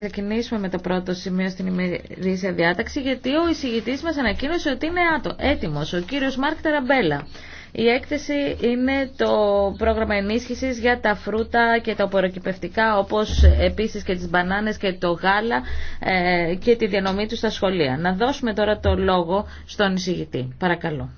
ξεκινήσουμε με το πρώτο σημείο στην ημερήσια διάταξη, γιατί ο εισηγητή μα ανακοίνωσε ότι είναι έτοιμο, ο κύριο Μάρκ Ταραμπέλα. Η έκθεση είναι το πρόγραμμα ενίσχυσης για τα φρούτα και τα απορροκυπευτικά όπως επίσης και τις μπανάνες και το γάλα ε, και τη διανομή του στα σχολεία. Να δώσουμε τώρα το λόγο στον εισηγητή. Παρακαλώ.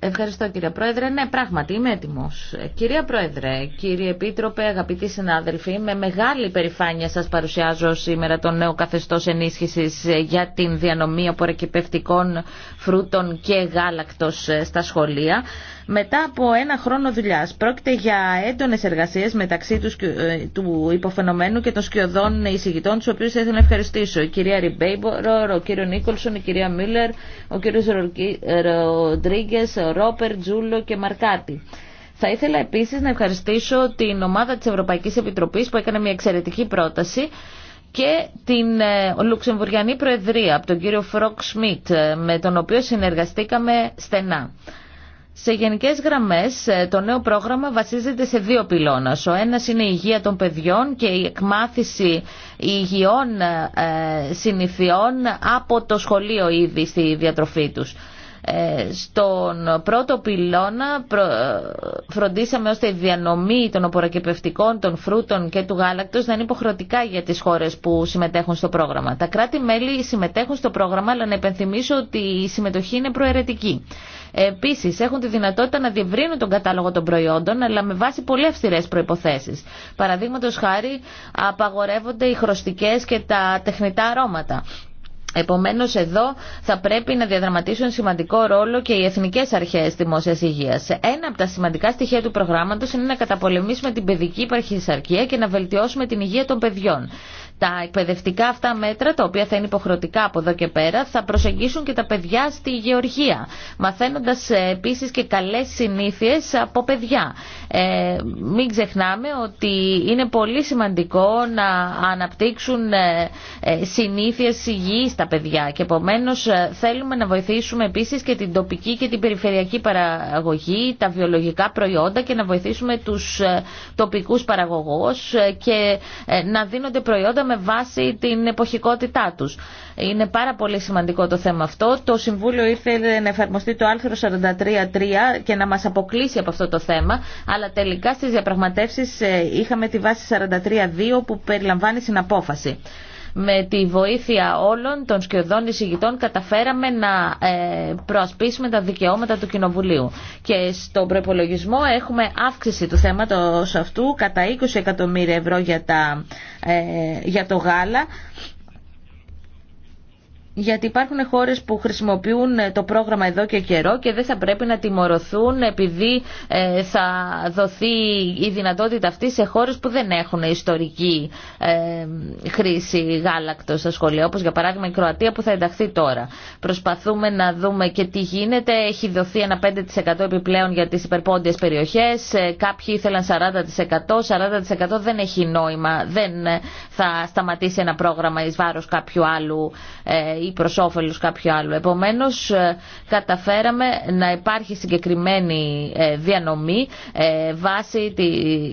Ευχαριστώ κύριε Πρόεδρε. Ναι, πράγματι είμαι έτοιμο. Κυρία Πρόεδρε, κύριε Επίτροπε, αγαπητοί συνάδελφοι, με μεγάλη περηφάνεια σα παρουσιάζω σήμερα το νέο καθεστώ ενίσχυση για την διανομή απορρεκυπευτικών φρούτων και γάλακτο στα σχολεία. Μετά από ένα χρόνο δουλειά, πρόκειται για έντονε εργασίε μεταξύ του, ε, του υποφαινομένου και των σκιωδών εισηγητών, του οποίου θα ήθελα να ευχαριστήσω. Η κυρία Ριμπέιμπορ, ο κύριο Νίκολσον, η κυρία Μίλλερ, ο κύριο Ροντρίγκε, Ρόπερ, Τζούλο και Μαρκάτη. Θα ήθελα επίσης να ευχαριστήσω την ομάδα της Ευρωπαϊκής Επιτροπής που έκανε μια εξαιρετική πρόταση και την ε, Λουξεμβουριανή Προεδρία από τον κύριο Φρόκ Σμιτ ε, με τον οποίο συνεργαστήκαμε στενά. Σε γενικέ γραμμέ, ε, το νέο πρόγραμμα βασίζεται σε δύο πυλώνε. Ο ένα είναι η υγεία των παιδιών και η εκμάθηση υγιών συνηθιών από το σχολείο ήδη στη διατροφή του. Ε, στον πρώτο πυλώνα ε, φροντίσαμε ώστε η διανομή των οπορακεπευτικών των φρούτων και του γάλακτος να είναι υποχρεωτικά για τις χώρες που συμμετέχουν στο πρόγραμμα. Τα κράτη-μέλη συμμετέχουν στο πρόγραμμα, αλλά να υπενθυμίσω ότι η συμμετοχή είναι προαιρετική. Επίση, έχουν τη δυνατότητα να διευρύνουν τον κατάλογο των προϊόντων, αλλά με βάση πολύ αυστηρέ προποθέσει. Παραδείγματο χάρη, απαγορεύονται οι χρωστικέ και τα τεχνητά αρώματα. Επομένως εδώ θα πρέπει να διαδραματίσουν σημαντικό ρόλο και οι εθνικές αρχές δημόσιας υγείας. Ένα από τα σημαντικά στοιχεία του προγράμματος είναι να καταπολεμήσουμε την παιδική υπαρχισαρκία και να βελτιώσουμε την υγεία των παιδιών. Τα εκπαιδευτικά αυτά μέτρα, τα οποία θα είναι υποχρεωτικά από εδώ και πέρα, θα προσεγγίσουν και τα παιδιά στη γεωργία, μαθαίνοντα ε, επίση και καλές συνήθειες από παιδιά. Ε, μην ξεχνάμε ότι είναι πολύ σημαντικό να αναπτύξουν ε, ε, συνήθειε υγιή τα παιδιά και επομένω θέλουμε να βοηθήσουμε επίση και την τοπική και την περιφερειακή παραγωγή, τα βιολογικά προϊόντα και να βοηθήσουμε του τοπικού παραγωγού και να δίνονται προϊόντα με βάση την εποχικότητά τους. Είναι πάρα πολύ σημαντικό το θέμα αυτό. Το Συμβούλιο ήθελε να εφαρμοστεί το άρθρο 43.3 και να μας αποκλείσει από αυτό το θέμα, αλλά τελικά στις διαπραγματεύσεις ε, είχαμε τη βάση 43.2 που περιλαμβάνει συναπόφαση με τη βοήθεια όλων των σκιωδών εισηγητών καταφέραμε να ε, προασπίσουμε τα δικαιώματα του Κοινοβουλίου. Και στον προπολογισμό έχουμε αύξηση του θέματος αυτού κατά 20 εκατομμύρια ευρώ για ε, το γάλα γιατί υπάρχουν χώρες που χρησιμοποιούν ε, το πρόγραμμα εδώ και καιρό και δεν θα πρέπει να τιμωρωθούν επειδή ε, θα δοθεί η δυνατότητα αυτή σε χώρες που δεν έχουν ιστορική ε, χρήση γάλακτος στα σχολεία, όπως για παράδειγμα η Κροατία που θα ενταχθεί τώρα. Προσπαθούμε να δούμε και τι γίνεται. Έχει δοθεί ένα 5% επιπλέον για τις υπερπόντιες περιοχές. Κάποιοι ήθελαν 40%. 40% δεν έχει νόημα. Δεν θα σταματήσει ένα πρόγραμμα εις βάρος κάποιου άλλου ή προ όφελο κάποιου άλλου. Επομένω, ε, καταφέραμε να υπάρχει συγκεκριμένη ε, διανομή ε, βάσει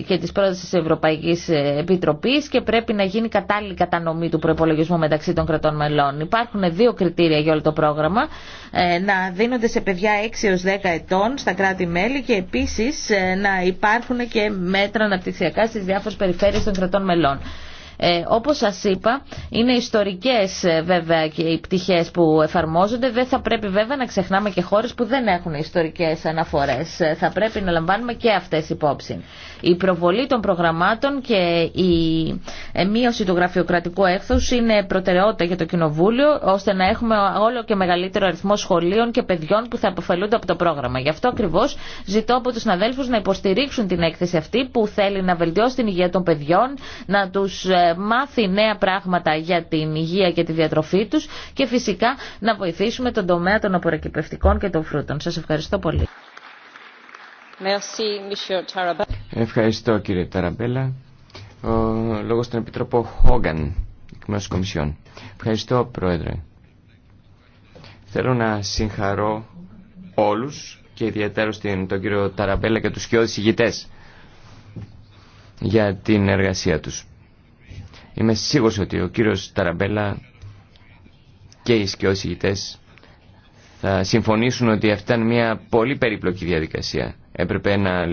και τη πρόταση τη Ευρωπαϊκή Επιτροπή και πρέπει να γίνει κατάλληλη κατανομή του προπολογισμού μεταξύ των κρατών μελών. Υπάρχουν δύο κριτήρια για όλο το πρόγραμμα. Να δίνονται σε παιδιά 6 έως 10 ετών στα κράτη-μέλη και επίσης να υπάρχουν και μέτρα αναπτυξιακά στις διάφορες περιφέρειες των κρατών μελών. Ε, όπως σας είπα, είναι ιστορικές ε, βέβαια και οι πτυχές που εφαρμόζονται. Δεν θα πρέπει βέβαια να ξεχνάμε και χώρες που δεν έχουν ιστορικές αναφορές. Ε, θα πρέπει να λαμβάνουμε και αυτές υπόψη. Η προβολή των προγραμμάτων και η ε, μείωση του γραφειοκρατικού έκθους είναι προτεραιότητα για το Κοινοβούλιο, ώστε να έχουμε όλο και μεγαλύτερο αριθμό σχολείων και παιδιών που θα αποφελούνται από το πρόγραμμα. Γι' αυτό ακριβώ ζητώ από του συναδέλφου να υποστηρίξουν την έκθεση αυτή που θέλει να βελτιώσει την υγεία των παιδιών, να του ε, μάθει νέα πράγματα για την υγεία και τη διατροφή του και φυσικά να βοηθήσουμε τον τομέα των απορροκυπευτικών και των φρούτων. Σα ευχαριστώ πολύ. Ευχαριστώ κύριε Ταραμπέλα. Ο λόγος στον Επιτροπό Χόγκαν, εκ Κομισιόν. Ευχαριστώ Πρόεδρε. Θέλω να συγχαρώ όλους και ιδιαίτερα τον κύριο Ταραμπέλα και τους σκιώδεις ηγητές για την εργασία τους. Είμαι σίγουρος ότι ο κύριος Ταραμπέλα και οι σκιώδεις ηγητές θα συμφωνήσουν ότι αυτή ήταν μια πολύ περίπλοκη διαδικασία έπρεπε να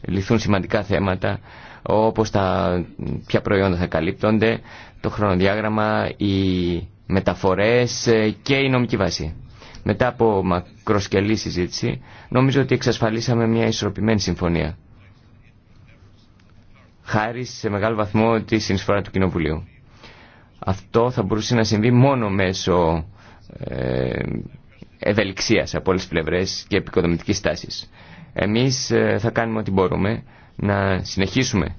λυθούν σημαντικά θέματα όπως τα, ποια προϊόντα θα καλύπτονται, το χρονοδιάγραμμα, οι μεταφορές ε, και η νομική βάση. Μετά από μακροσκελή συζήτηση, νομίζω ότι εξασφαλίσαμε μια ισορροπημένη συμφωνία. Χάρη σε μεγάλο βαθμό τη συνεισφορά του Κοινοβουλίου. Αυτό θα μπορούσε να συμβεί μόνο μέσω ε, ευελιξία από όλες τις πλευρές και επικοδομητική τάση. Εμείς ε, θα κάνουμε ό,τι μπορούμε να συνεχίσουμε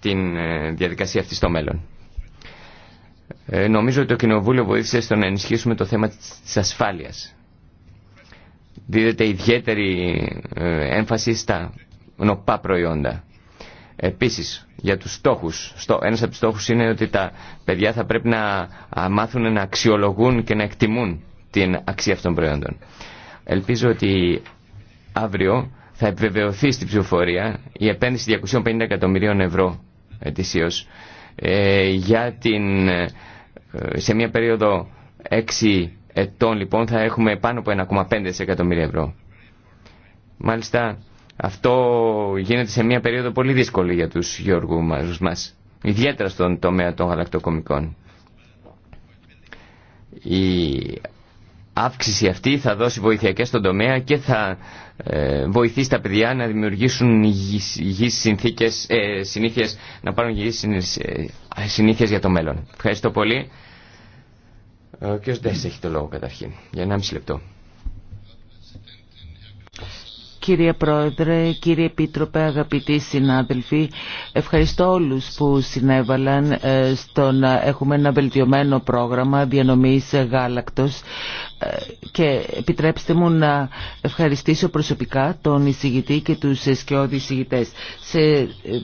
την ε, διαδικασία αυτή στο μέλλον. Ε, νομίζω ότι το Κοινοβούλιο βοήθησε στο να ενισχύσουμε το θέμα της ασφάλειας. Δίδεται ιδιαίτερη έμφαση στα νοπά προϊόντα. Επίσης, για τους στόχους, στο, ένας από τους στόχους είναι ότι τα παιδιά θα πρέπει να μάθουν να αξιολογούν και να εκτιμούν την αξία αυτών των προϊόντων. Ελπίζω ότι αύριο θα επιβεβαιωθεί στην ψηφοφορία η επένδυση 250 εκατομμυρίων ευρώ ετησίως ε, για την, ε, σε μια περίοδο 6 ετών λοιπόν θα έχουμε πάνω από 1,5 εκατομμύρια ευρώ. Μάλιστα αυτό γίνεται σε μια περίοδο πολύ δύσκολη για τους μας, μας, ιδιαίτερα στον τομέα των γαλακτοκομικών. Η αύξηση αυτή θα δώσει βοήθεια και στον τομέα και θα ε, βοηθήσει τα παιδιά να δημιουργήσουν υγιείς, συνθήκες, ε, να πάρουν υγιείς ε, συνήθειες για το μέλλον. Ευχαριστώ πολύ. Ο κ. έχει το λόγο καταρχήν. Για 1,5 λεπτό. Κύριε Πρόεδρε, κύριε Επίτροπε, αγαπητοί συνάδελφοι, ευχαριστώ όλους που συνέβαλαν στο να έχουμε ένα βελτιωμένο πρόγραμμα διανομής γάλακτος και επιτρέψτε μου να ευχαριστήσω προσωπικά τον εισηγητή και τους σκιώδη εισηγητές. Σε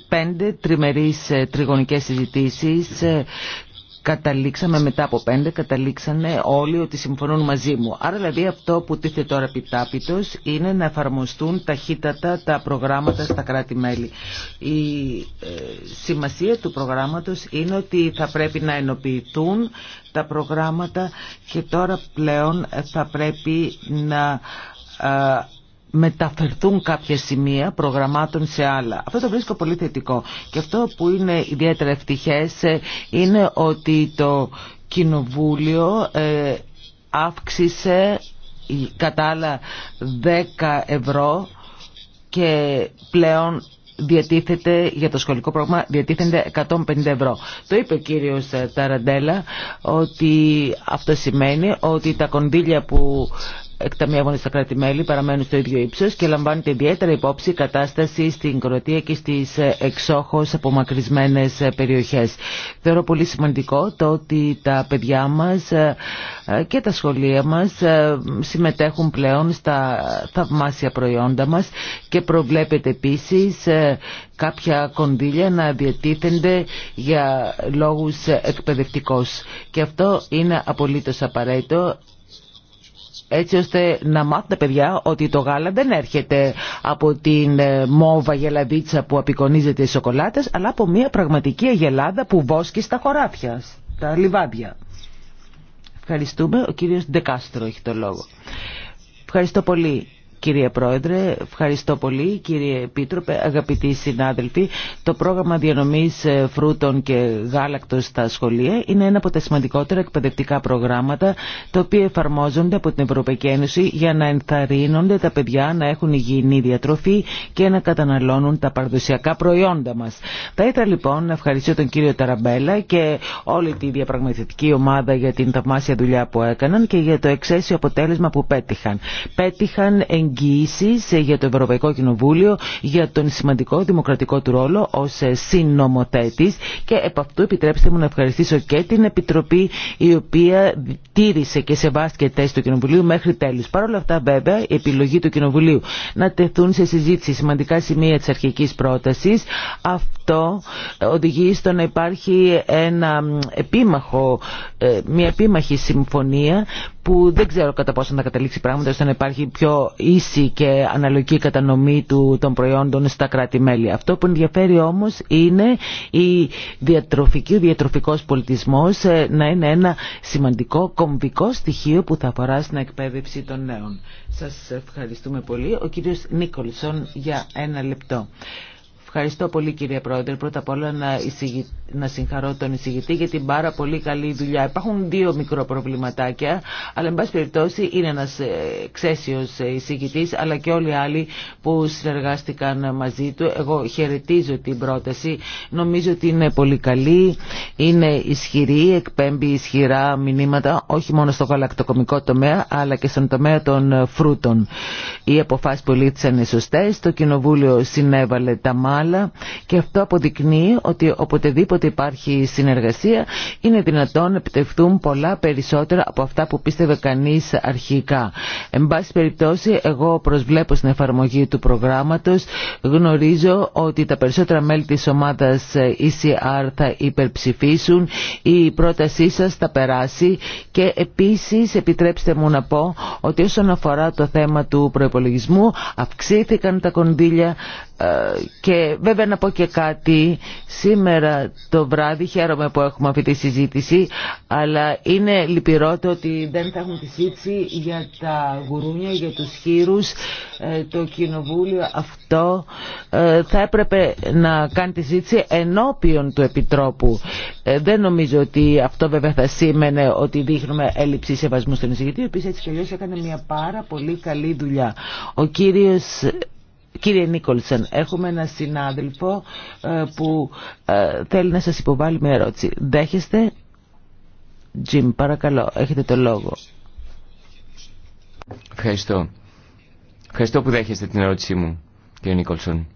πέντε τριμερείς ε, τριγωνικές συζητήσεις ε, καταλήξαμε μετά από πέντε, καταλήξανε όλοι ότι συμφωνούν μαζί μου. Άρα δηλαδή αυτό που τίθεται τώρα επιτάπητος είναι να εφαρμοστούν ταχύτατα τα προγράμματα στα κράτη-μέλη. Η ε, σημασία του προγράμματος είναι ότι θα πρέπει να ενοποιηθούν τα προγράμματα και τώρα πλέον θα πρέπει να ε, μεταφερθούν κάποια σημεία προγραμμάτων σε άλλα. Αυτό το βρίσκω πολύ θετικό. Και αυτό που είναι ιδιαίτερα ευτυχές ε, είναι ότι το Κοινοβούλιο ε, αύξησε κατά άλλα 10 ευρώ και πλέον διατίθεται για το σχολικό πρόγραμμα διατίθεται 150 ευρώ. Το είπε ο κύριος ε, Ταραντέλα ότι αυτό σημαίνει ότι τα κονδύλια που εκταμιεύονται στα κράτη-μέλη παραμένουν στο ίδιο ύψο και λαμβάνεται ιδιαίτερα υπόψη η κατάσταση στην Κροατία και στις ε, εξόχως απομακρυσμένες ε, περιοχές. Θεωρώ πολύ σημαντικό το ότι τα παιδιά μας ε, και τα σχολεία μας συμμετέχουν πλέον στα θαυμάσια προϊόντα μας και προβλέπεται επίση κάποια κονδύλια να διατίθενται για λόγους εκπαιδευτικούς. Και αυτό είναι απολύτως απαραίτητο έτσι ώστε να μάθουν τα παιδιά ότι το γάλα δεν έρχεται από την ε, μόβα γελαδίτσα που απεικονίζεται στις σοκολάτες αλλά από μια πραγματική αγελάδα που βόσκει στα χωράφια, τα λιβάδια. Ευχαριστούμε. Ο κύριος Ντεκάστρο έχει το λόγο. Ευχαριστώ πολύ. Κύριε Πρόεδρε, ευχαριστώ πολύ. Κύριε Επίτροπε, αγαπητοί συνάδελφοι, το πρόγραμμα διανομής ε, φρούτων και γάλακτος στα σχολεία είναι ένα από τα σημαντικότερα εκπαιδευτικά προγράμματα τα οποία εφαρμόζονται από την Ευρωπαϊκή Ένωση για να ενθαρρύνονται τα παιδιά να έχουν υγιεινή διατροφή και να καταναλώνουν τα παραδοσιακά προϊόντα μας. Θα ήθελα λοιπόν να ευχαριστήσω τον κύριο Ταραμπέλα και όλη τη διαπραγματευτική ομάδα για την θαυμάσια δουλειά που έκαναν και για το εξαίσιο αποτέλεσμα που πέτυχαν. Πέτυχαν για το Ευρωπαϊκό Κοινοβούλιο για τον σημαντικό δημοκρατικό του ρόλο ως συνομοθέτης και επ' αυτού επιτρέψτε μου να ευχαριστήσω και την Επιτροπή η οποία τήρησε και σεβάστηκε θέση του Κοινοβουλίου μέχρι τέλους. Παρ' όλα αυτά βέβαια η επιλογή του Κοινοβουλίου να τεθούν σε συζήτηση σημαντικά σημεία της αρχικής πρότασης αυτό οδηγεί στο να υπάρχει ένα επίμαχο, ε, μια επίμαχη συμφωνία που δεν ξέρω κατά πόσο θα καταλήξει πράγματα ώστε να υπάρχει πιο ίση και αναλογική κατανομή του, των προϊόντων στα κράτη-μέλη. Αυτό που ενδιαφέρει όμως είναι η διατροφική, ο διατροφικός πολιτισμός ε, να είναι ένα σημαντικό κομβικό στοιχείο που θα αφορά στην εκπαίδευση των νέων. Σας ευχαριστούμε πολύ. Ο κύριος Νίκολσον για ένα λεπτό. Ευχαριστώ πολύ κύριε Πρόεδρε. Πρώτα απ' όλα να, εισηγη... να συγχαρώ τον εισηγητή για την πάρα πολύ καλή δουλειά. Υπάρχουν δύο μικρό προβληματάκια, αλλά εν πάση περιπτώσει είναι ένας ε, ξέσιος ε, εισηγητής, αλλά και όλοι οι άλλοι που συνεργάστηκαν μαζί του. Εγώ χαιρετίζω την πρόταση. Νομίζω ότι είναι πολύ καλή, είναι ισχυρή, εκπέμπει ισχυρά μηνύματα, όχι μόνο στο γαλακτοκομικό τομέα, αλλά και στον τομέα των φρούτων. Οι αποφάσει που λήθησαν είναι το Κοινοβούλιο συνέβαλε τα και αυτό αποδεικνύει ότι οποτεδήποτε υπάρχει συνεργασία είναι δυνατόν να επιτευχθούν πολλά περισσότερα από αυτά που πίστευε κανείς αρχικά. Εν πάση περιπτώσει εγώ προσβλέπω στην εφαρμογή του προγράμματος γνωρίζω ότι τα περισσότερα μέλη της ομάδας ECR ε θα υπερψηφίσουν η πρότασή σας θα περάσει και επίσης επιτρέψτε μου να πω ότι όσον αφορά το θέμα του προπολογισμού αυξήθηκαν τα κονδύλια ε, και βέβαια να πω και κάτι σήμερα το βράδυ χαίρομαι που έχουμε αυτή τη συζήτηση αλλά είναι λυπηρό το ότι δεν θα έχουμε τη συζήτηση για τα γουρούνια, για τους χείρους ε, το κοινοβούλιο αυτό ε, θα έπρεπε να κάνει τη συζήτηση ενώπιον του Επιτρόπου δεν νομίζω ότι αυτό βέβαια θα σήμαινε ότι δείχνουμε έλλειψη σεβασμού στον εισηγητή ο οποίος έτσι και έκανε μια πάρα πολύ καλή δουλειά ο κύριος Κύριε Νίκολσον, έχουμε ένα συνάδελφο ε, που ε, θέλει να σας υποβάλει μια ερώτηση. Δέχεστε, Τζιμ, παρακαλώ, έχετε το λόγο. Ευχαριστώ. Ευχαριστώ που δέχεστε την ερώτησή μου, κύριε Νίκολσον.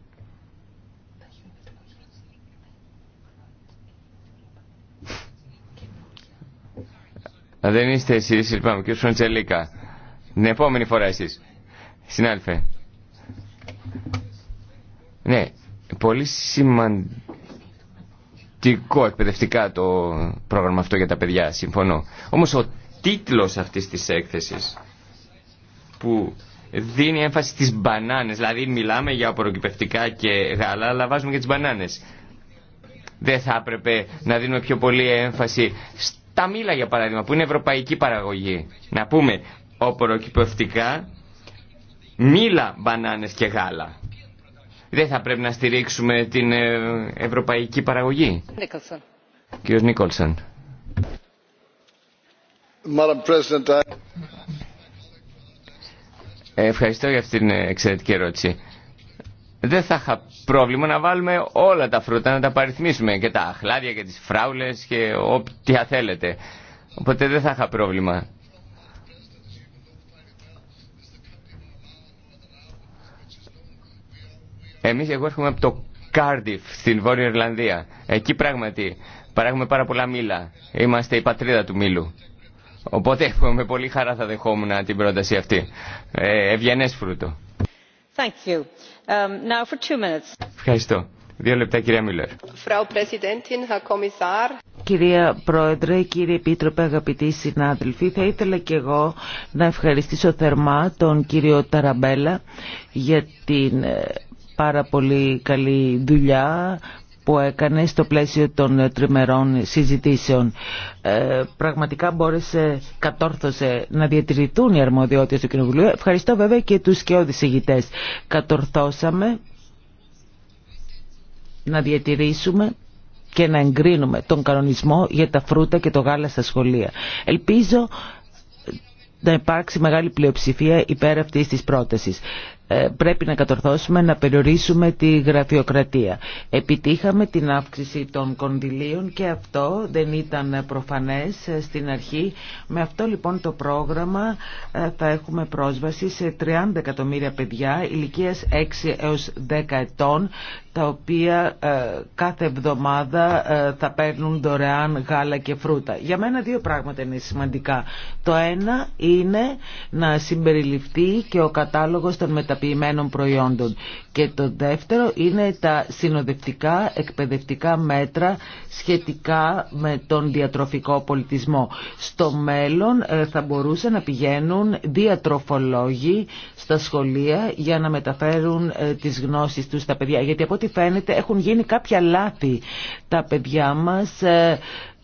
Δεν είστε εσείς, λοιπόν, κύριε Φροντζελίκα. Την επόμενη φορά εσείς. Συνάδελφε. Ναι, πολύ σημαντικό εκπαιδευτικά το πρόγραμμα αυτό για τα παιδιά, συμφωνώ. Όμως ο τίτλος αυτής της έκθεσης που δίνει έμφαση στις μπανάνες, δηλαδή μιλάμε για απορροκυπευτικά και γάλα, αλλά βάζουμε και τις μπανάνες. Δεν θα έπρεπε να δίνουμε πιο πολύ έμφαση στα μήλα για παράδειγμα, που είναι ευρωπαϊκή παραγωγή. Να πούμε, απορροκυπευτικά μήλα, μπανάνες και γάλα. Δεν θα πρέπει να στηρίξουμε την ε, ευρωπαϊκή παραγωγή. Κύριος Νίκολσον. Ε, ευχαριστώ για αυτήν την εξαιρετική ερώτηση. Δεν θα είχα πρόβλημα να βάλουμε όλα τα φρούτα, να τα παριθμίσουμε και τα αχλάδια και τις φράουλες και ό,τι θέλετε. Οπότε δεν θα είχα πρόβλημα. Εμείς, εγώ έρχομαι από το Κάρντιφ στην Βόρεια Ιρλανδία. Εκεί πράγματι παράγουμε πάρα πολλά μήλα. Είμαστε η πατρίδα του μήλου. Οπότε με πολύ χαρά θα δεχόμουν την πρόταση αυτή. Ε, ευγενές φρούτο. Um, Ευχαριστώ. Δύο λεπτά κυρία Μίλλερ. Κυρία Πρόεδρε, κύριε Επίτροπε, αγαπητοί συνάδελφοι, θα ήθελα και εγώ να ευχαριστήσω θερμά τον κύριο Ταραμπέλα για την ε, πάρα πολύ καλή δουλειά που έκανε στο πλαίσιο των τριμερών συζητήσεων. Ε, πραγματικά μπόρεσε, κατόρθωσε να διατηρηθούν οι αρμοδιότητες του Κοινοβουλίου. Ευχαριστώ βέβαια και τους και ηγητές. Κατορθώσαμε να διατηρήσουμε και να εγκρίνουμε τον κανονισμό για τα φρούτα και το γάλα στα σχολεία. Ελπίζω να υπάρξει μεγάλη πλειοψηφία υπέρ αυτής της πρότασης. Ε, πρέπει να κατορθώσουμε να περιορίσουμε τη γραφειοκρατία. Επιτύχαμε την αύξηση των κονδυλίων και αυτό δεν ήταν προφανές ε, στην αρχή. Με αυτό λοιπόν το πρόγραμμα ε, θα έχουμε πρόσβαση σε 30 εκατομμύρια παιδιά ηλικίας 6 έως 10 ετών τα οποία ε, κάθε εβδομάδα ε, θα παίρνουν δωρεάν γάλα και φρούτα. Για μένα δύο πράγματα είναι σημαντικά. Το ένα είναι να συμπεριληφθεί και ο κατάλογος των μεταποιημένων προϊόντων και το δεύτερο είναι τα συνοδευτικά εκπαιδευτικά μέτρα σχετικά με τον διατροφικό πολιτισμό. Στο μέλλον ε, θα μπορούσε να πηγαίνουν διατροφολόγοι στα σχολεία για να μεταφέρουν ε, τις γνώσεις τους στα παιδιά. Γιατί από ό,τι φαίνεται έχουν γίνει κάποια λάθη τα παιδιά μας ε,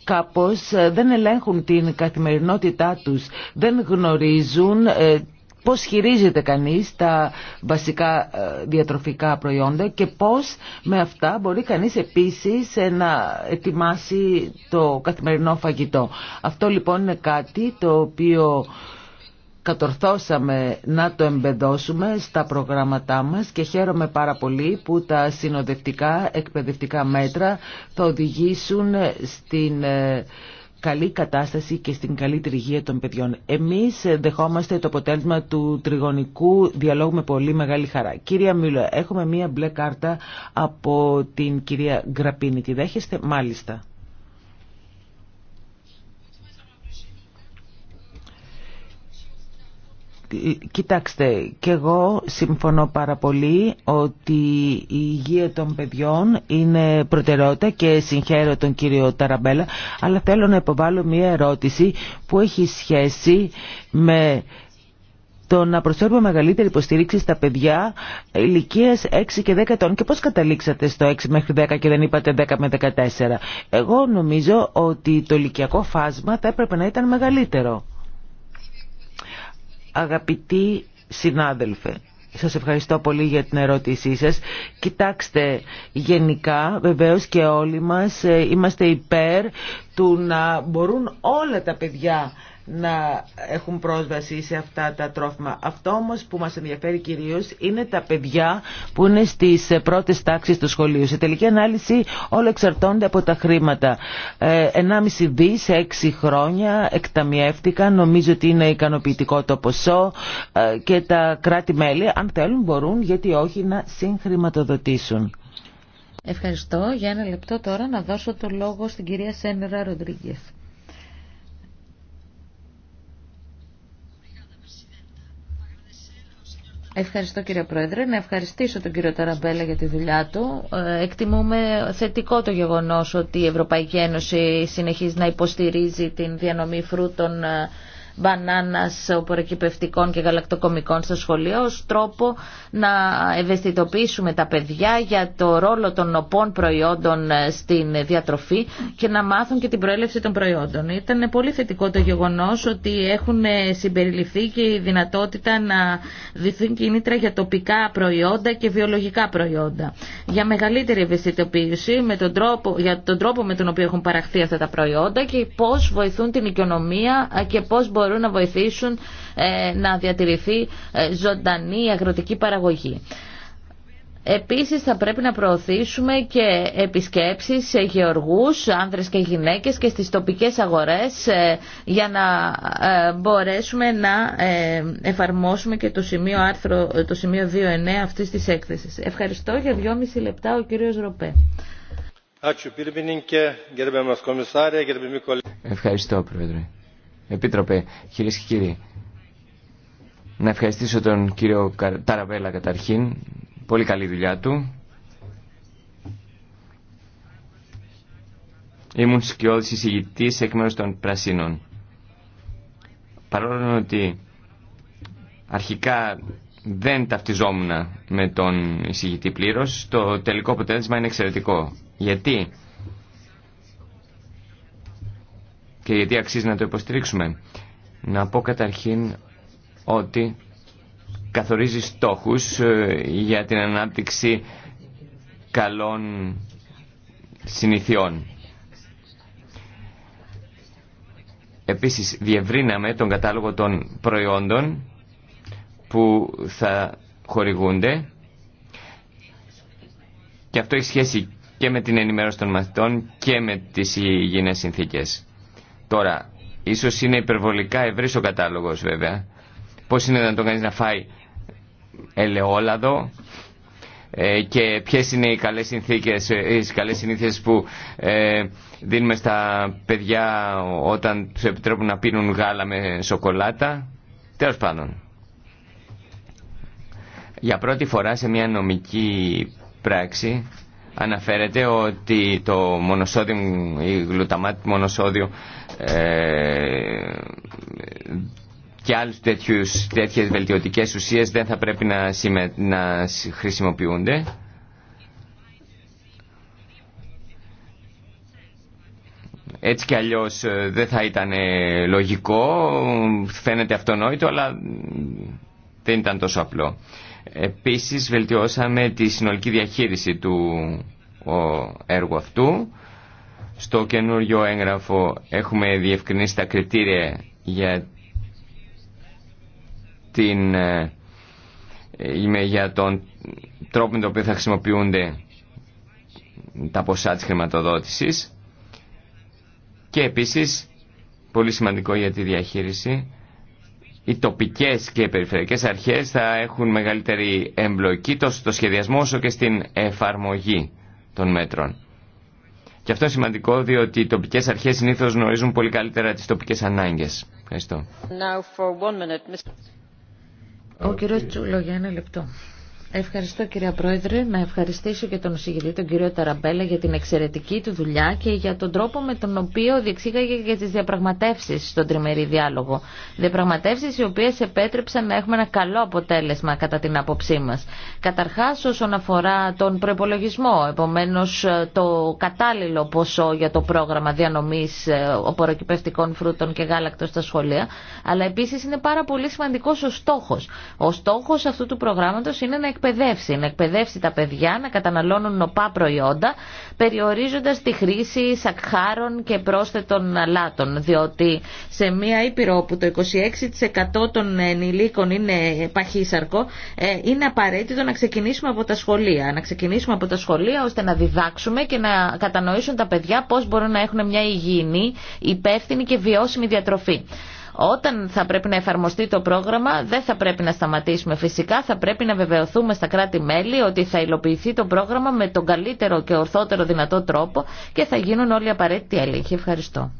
κάπως δεν ελέγχουν την καθημερινότητά τους, δεν γνωρίζουν πώς χειρίζεται κανείς τα βασικά ε, διατροφικά προϊόντα και πώς με αυτά μπορεί κανείς επίσης ε, να ετοιμάσει το καθημερινό φαγητό. Αυτό λοιπόν είναι κάτι το οποίο κατορθώσαμε να το εμπεδώσουμε στα προγράμματά μας και χαίρομαι πάρα πολύ που τα συνοδευτικά εκπαιδευτικά μέτρα θα οδηγήσουν στην ε, καλή κατάσταση και στην καλή υγεία των παιδιών. Εμείς ε, δεχόμαστε το αποτέλεσμα του τριγωνικού διαλόγου με πολύ μεγάλη χαρά. Κυρία Μίλο, έχουμε μία μπλε κάρτα από την κυρία Γκραπίνη. Τη δέχεστε, μάλιστα. Κοιτάξτε, και εγώ συμφωνώ πάρα πολύ ότι η υγεία των παιδιών είναι προτεραιότητα και συγχαίρω τον κύριο Ταραμπέλα, αλλά θέλω να υποβάλω μία ερώτηση που έχει σχέση με το να προσφέρουμε μεγαλύτερη υποστήριξη στα παιδιά ηλικία 6 και 10 ετών. Και πώ καταλήξατε στο 6 μέχρι 10 και δεν είπατε 10 με 14. Εγώ νομίζω ότι το ηλικιακό φάσμα θα έπρεπε να ήταν μεγαλύτερο. Αγαπητοί συνάδελφε, σας ευχαριστώ πολύ για την ερώτησή σας. Κοιτάξτε, γενικά βεβαίως και όλοι μας ε, είμαστε υπέρ του να μπορούν όλα τα παιδιά να έχουν πρόσβαση σε αυτά τα τρόφιμα. Αυτό όμως που μας ενδιαφέρει κυρίως είναι τα παιδιά που είναι στις πρώτες τάξεις του σχολείου. Σε τελική ανάλυση όλα εξαρτώνται από τα χρήματα. 1,5 δι σε 6 χρόνια εκταμιεύτηκαν, νομίζω ότι είναι ικανοποιητικό το ποσό ε, και τα κράτη-μέλη αν θέλουν μπορούν γιατί όχι να συγχρηματοδοτήσουν. Ευχαριστώ. Για ένα λεπτό τώρα να δώσω το λόγο στην κυρία Σένερα Ροντρίγκεφ. Ευχαριστώ κύριε Πρόεδρε. Να ευχαριστήσω τον κύριο Ταραμπέλα για τη δουλειά του. Ε, εκτιμούμε θετικό το γεγονός ότι η Ευρωπαϊκή Ένωση συνεχίζει να υποστηρίζει την διανομή φρούτων ε, μπανάνας οποροκυπευτικών και γαλακτοκομικών στο σχολείο ως τρόπο να ευαισθητοποιήσουμε τα παιδιά για το ρόλο των οπών προϊόντων στην διατροφή και να μάθουν και την προέλευση των προϊόντων. Ήταν πολύ θετικό το γεγονός ότι έχουν συμπεριληφθεί και η δυνατότητα να δυθούν κίνητρα για τοπικά προϊόντα και βιολογικά προϊόντα. Για μεγαλύτερη ευαισθητοποίηση με τον τρόπο, για τον τρόπο με τον οποίο έχουν παραχθεί αυτά τα προϊόντα και πώς βοηθούν την οικονομία και πώς μπορούν μπορούν να βοηθήσουν ε, να διατηρηθεί ε, ζωντανή η αγροτική παραγωγή. Επίσης θα πρέπει να προωθήσουμε και επισκέψεις σε γεωργούς, άνδρες και γυναίκες και στις τοπικές αγορές ε, για να μπορέσουμε να εφαρμόσουμε και το σημείο, άρθρο, το σημείο 2.9 αυτής της έκθεσης. Ευχαριστώ για δυόμιση λεπτά ο κύριος Ροπέ. Ευχαριστώ Πρόεδρε. Επίτροπε, κυρίε και κύριοι, να ευχαριστήσω τον κύριο Ταραβέλα καταρχήν. Πολύ καλή δουλειά του. Ήμουν σκιώδης εισηγητή εκ μέρους των Πρασίνων. Παρόλο ότι αρχικά δεν ταυτιζόμουν με τον εισηγητή πλήρως, το τελικό αποτέλεσμα είναι εξαιρετικό. Γιατί και γιατί αξίζει να το υποστηρίξουμε. Να πω καταρχήν ότι καθορίζει στόχους ε, για την ανάπτυξη καλών συνηθιών. Επίσης διευρύναμε τον κατάλογο των προϊόντων που θα χορηγούνται και αυτό έχει σχέση και με την ενημέρωση των μαθητών και με τις υγιεινές συνθήκες. Τώρα, ίσως είναι υπερβολικά ευρύς ο κατάλογος βέβαια. Πώς είναι να τον κανείς να φάει ελαιόλαδο ε, και ποιες είναι οι καλές, συνθήκες, ε, οι καλές συνήθειες που ε, δίνουμε στα παιδιά όταν τους επιτρέπουν να πίνουν γάλα με σοκολάτα. τέλο πάντων. Για πρώτη φορά σε μια νομική πράξη αναφέρεται ότι το μονοσόδιο, η γλουταμάτι μονοσόδιο ε, και άλλους τέτοιους, τέτοιες βελτιωτικές ουσίες δεν θα πρέπει να, να χρησιμοποιούνται. Έτσι κι αλλιώς ε, δεν θα ήταν λογικό, φαίνεται αυτονόητο, αλλά δεν ήταν τόσο απλό. Επίσης βελτιώσαμε τη συνολική διαχείριση του έργου αυτού. Στο καινούριο έγγραφο έχουμε διευκρινίσει τα κριτήρια για, την, ε, για τον τρόπο με τον οποίο θα χρησιμοποιούνται τα ποσά της χρηματοδότησης και επίσης πολύ σημαντικό για τη διαχείριση οι τοπικές και οι περιφερειακές αρχές θα έχουν μεγαλύτερη εμπλοκή τόσο στο σχεδιασμό όσο και στην εφαρμογή των μέτρων. Και αυτό είναι σημαντικό διότι οι τοπικές αρχές συνήθως γνωρίζουν πολύ καλύτερα τις τοπικές ανάγκες. Ευχαριστώ. Ο ένα λεπτό. Ευχαριστώ κυρία Πρόεδρε. Να ευχαριστήσω και τον συγγητή τον κύριο Ταραμπέλα για την εξαιρετική του δουλειά και για τον τρόπο με τον οποίο διεξήγαγε για τις διαπραγματεύσεις στον τριμερή διάλογο. Διαπραγματεύσεις οι οποίες επέτρεψαν να έχουμε ένα καλό αποτέλεσμα κατά την άποψή μας. Καταρχάς όσον αφορά τον προπολογισμό, επομένως το κατάλληλο ποσό για το πρόγραμμα διανομής ε, οποροκυπευτικών φρούτων και γάλακτος στα σχολεία, αλλά επίσης είναι πάρα πολύ σημαντικός ο στόχος. Ο στόχος αυτού του προγράμματος είναι να εκπαιδεύσει. Να εκπαιδεύσει τα παιδιά να καταναλώνουν νοπά προϊόντα, περιορίζοντας τη χρήση σακχάρων και πρόσθετων αλάτων. Διότι σε μία ήπειρο όπου το 26% των ενηλίκων είναι παχύσαρκο, ε, είναι απαραίτητο να ξεκινήσουμε από τα σχολεία. Να ξεκινήσουμε από τα σχολεία ώστε να διδάξουμε και να κατανοήσουν τα παιδιά πώ μπορούν να έχουν μια υγιεινή, υπεύθυνη και βιώσιμη διατροφή. Όταν θα πρέπει να εφαρμοστεί το πρόγραμμα δεν θα πρέπει να σταματήσουμε. Φυσικά θα πρέπει να βεβαιωθούμε στα κράτη-μέλη ότι θα υλοποιηθεί το πρόγραμμα με τον καλύτερο και ορθότερο δυνατό τρόπο και θα γίνουν όλοι απαραίτητοι έλεγχοι. Ευχαριστώ.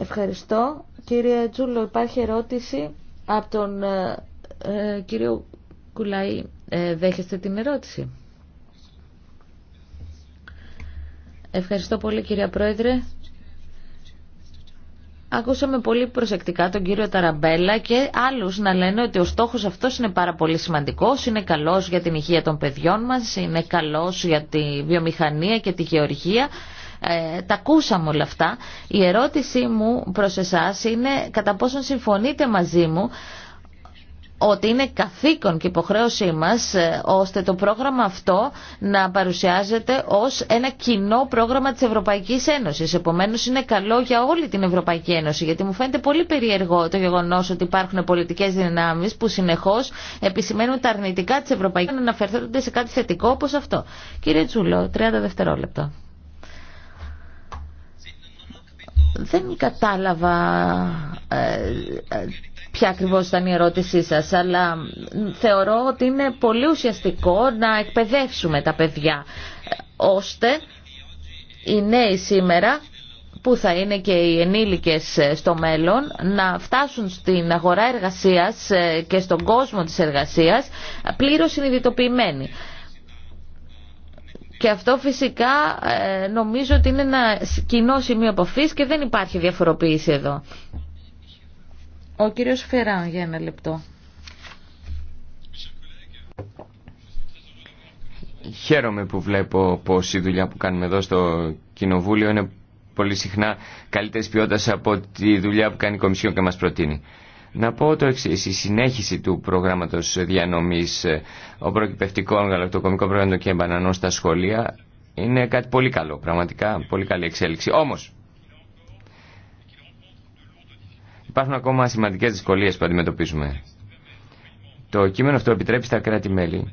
Ευχαριστώ. Κύριε Τζούλο, υπάρχει ερώτηση από τον ε, ε, κύριο Κουλαή. Ε, δέχεστε την ερώτηση. Ευχαριστώ πολύ κυρία Πρόεδρε. Ακούσαμε πολύ προσεκτικά τον κύριο Ταραμπέλα και άλλους να λένε ότι ο στόχος αυτός είναι πάρα πολύ σημαντικός, είναι καλός για την υγεία των παιδιών μας, είναι καλός για τη βιομηχανία και τη γεωργία. Ε, τα ακούσαμε όλα αυτά. Η ερώτησή μου προς εσάς είναι κατά πόσον συμφωνείτε μαζί μου ότι είναι καθήκον και υποχρέωσή μας ε, ώστε το πρόγραμμα αυτό να παρουσιάζεται ως ένα κοινό πρόγραμμα της Ευρωπαϊκής Ένωσης. Επομένως είναι καλό για όλη την Ευρωπαϊκή Ένωση γιατί μου φαίνεται πολύ περίεργο το γεγονός ότι υπάρχουν πολιτικές δυνάμεις που συνεχώς επισημαίνουν τα αρνητικά της Ευρωπαϊκής Ένωσης να αναφερθούνται σε κάτι θετικό όπως αυτό. Κύριε Τσούλο, 30 δευτερόλεπτα. Δεν κατάλαβα ε, ε, ποια ακριβώς ήταν η ερώτησή σας, αλλά θεωρώ ότι είναι πολύ ουσιαστικό να εκπαιδεύσουμε τα παιδιά, ε, ώστε οι νέοι σήμερα που θα είναι και οι ενήλικες ε, στο μέλλον να φτάσουν στην αγορά εργασίας ε, και στον κόσμο της εργασίας πλήρως συνειδητοποιημένοι. Και αυτό φυσικά νομίζω ότι είναι ένα κοινό σημείο και δεν υπάρχει διαφοροποίηση εδώ. Ο κύριος Φεράν για ένα λεπτό. Χαίρομαι που βλέπω πως η δουλειά που κάνουμε εδώ στο Κοινοβούλιο είναι πολύ συχνά καλύτερη ποιότητα από τη δουλειά που κάνει η Κομισιόν και μας προτείνει. Να πω το εξή, η συνέχιση του προγράμματος διανομής προκυπευτικών γαλακτοκομικών προϊόντων και εμπανανών στα σχολεία είναι κάτι πολύ καλό, πραγματικά πολύ καλή εξέλιξη. Όμως, Υπάρχουν ακόμα σημαντικέ δυσκολίε που αντιμετωπίζουμε. Το κείμενο αυτό επιτρέπει στα κράτη-μέλη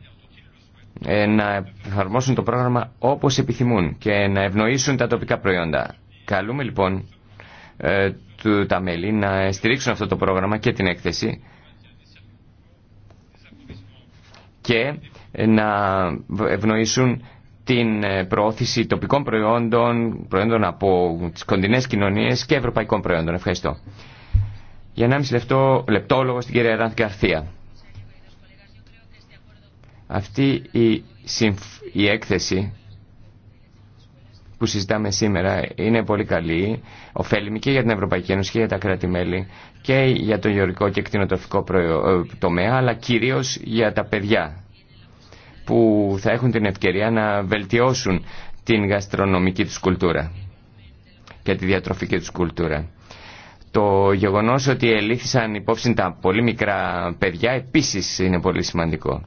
ε, να εφαρμόσουν το πρόγραμμα όπως επιθυμούν και να ευνοήσουν τα τοπικά προϊόντα. Καλούμε λοιπόν ε, τα μέλη να στηρίξουν αυτό το πρόγραμμα και την έκθεση και ε, να ευνοήσουν την προώθηση τοπικών προϊόντων, προϊόντων από τις κοντινές κοινωνίες και ευρωπαϊκών προϊόντων. Ευχαριστώ. Για 1,5 λεπτό, λεπτό λόγο στην κυρία Ρανθ Καρθία. Αυτή η, η έκθεση που συζητάμε σήμερα είναι πολύ καλή, ωφέλιμη και για την Ευρωπαϊκή Ένωση και για τα κράτη-μέλη και για το γεωργικό και κτηνοτροφικό ε, τομέα, αλλά κυρίως για τα παιδιά που θα έχουν την ευκαιρία να βελτιώσουν την γαστρονομική τους κουλτούρα και τη διατροφική τους κουλτούρα. Το γεγονός ότι ελήφθησαν υπόψη τα πολύ μικρά παιδιά επίσης είναι πολύ σημαντικό.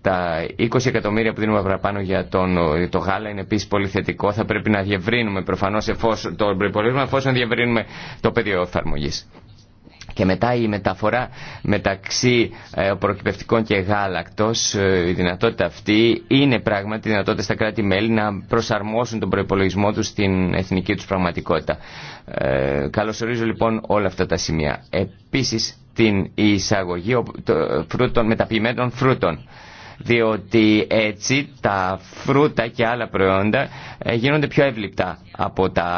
Τα 20 εκατομμύρια που δίνουμε παραπάνω για τον, το γάλα είναι επίση πολύ θετικό. Θα πρέπει να διευρύνουμε προφανώ τον προπολογισμό εφόσον διευρύνουμε το πεδίο εφαρμογή. Και μετά η μεταφορά μεταξύ ε, προκυπευτικών και γάλακτος, ε, η δυνατότητα αυτή είναι πράγματι δυνατότητα στα κράτη-μέλη να προσαρμόσουν τον προπολογισμό τους στην εθνική τους πραγματικότητα. Ε, καλωσορίζω λοιπόν όλα αυτά τα σημεία. Επίσης την εισαγωγή φρούτων, μεταποιημένων φρούτων διότι έτσι τα φρούτα και άλλα προϊόντα ε, γίνονται πιο εύληπτα από τα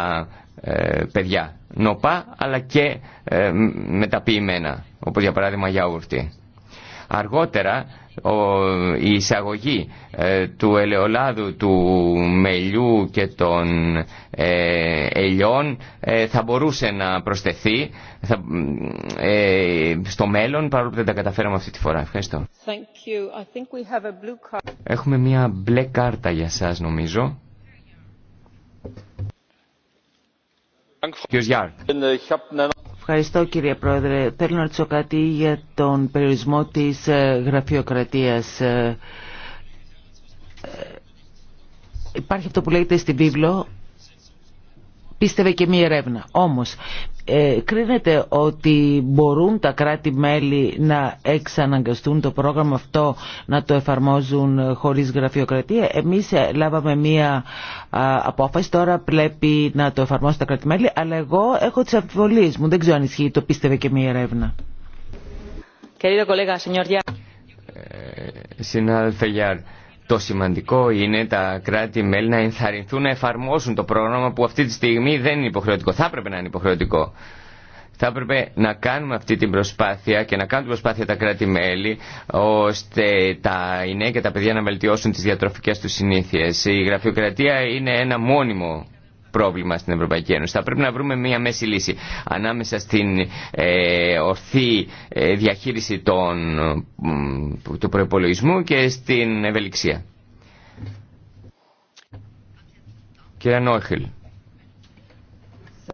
παιδιά νοπά αλλά και ε, μεταποιημένα, όπως για παράδειγμα γιαούρτι. Αργότερα η εισαγωγή ε, του ελαιολάδου, του μελιού και των ε, ελιών ε, θα μπορούσε να προσθεθεί στο μέλλον παρόλο που δεν τα καταφέραμε αυτή τη φορά. Ευχαριστώ. Έχουμε μια μπλε κάρτα για σας νομίζω. Ευχαριστώ κύριε Πρόεδρε. Θέλω να ρωτήσω κάτι για τον περιορισμό της ε, γραφειοκρατίας. Ε, ε, υπάρχει αυτό που λέγεται στην βίβλο πίστευε και μία ερεύνα. Όμως, ε, κρίνεται ότι μπορούν τα κράτη-μέλη να εξαναγκαστούν το πρόγραμμα αυτό να το εφαρμόζουν χωρίς γραφειοκρατία. Εμείς ε, λάβαμε μία απόφαση, τώρα πρέπει να το εφαρμόσουν τα κράτη-μέλη, αλλά εγώ έχω τις αμφιβολίες μου. Δεν ξέρω αν ισχύει, το πίστευε και μία ερεύνα. Querido το σημαντικό είναι τα κράτη-μέλη να ενθαρρυνθούν να εφαρμόσουν το πρόγραμμα που αυτή τη στιγμή δεν είναι υποχρεωτικό. Θα έπρεπε να είναι υποχρεωτικό. Θα έπρεπε να κάνουμε αυτή την προσπάθεια και να κάνουν την προσπάθεια τα κράτη-μέλη ώστε τα νέα και τα παιδιά να βελτιώσουν τις διατροφικές τους συνήθειες. Η γραφειοκρατία είναι ένα μόνιμο πρόβλημα στην Ευρωπαϊκή Ένωση. Θα πρέπει να βρούμε μια μέση λύση ανάμεσα στην ε, ορθή ε, διαχείριση των, του προπολογισμού και στην ευελιξία. Κύριε Νόχιλ.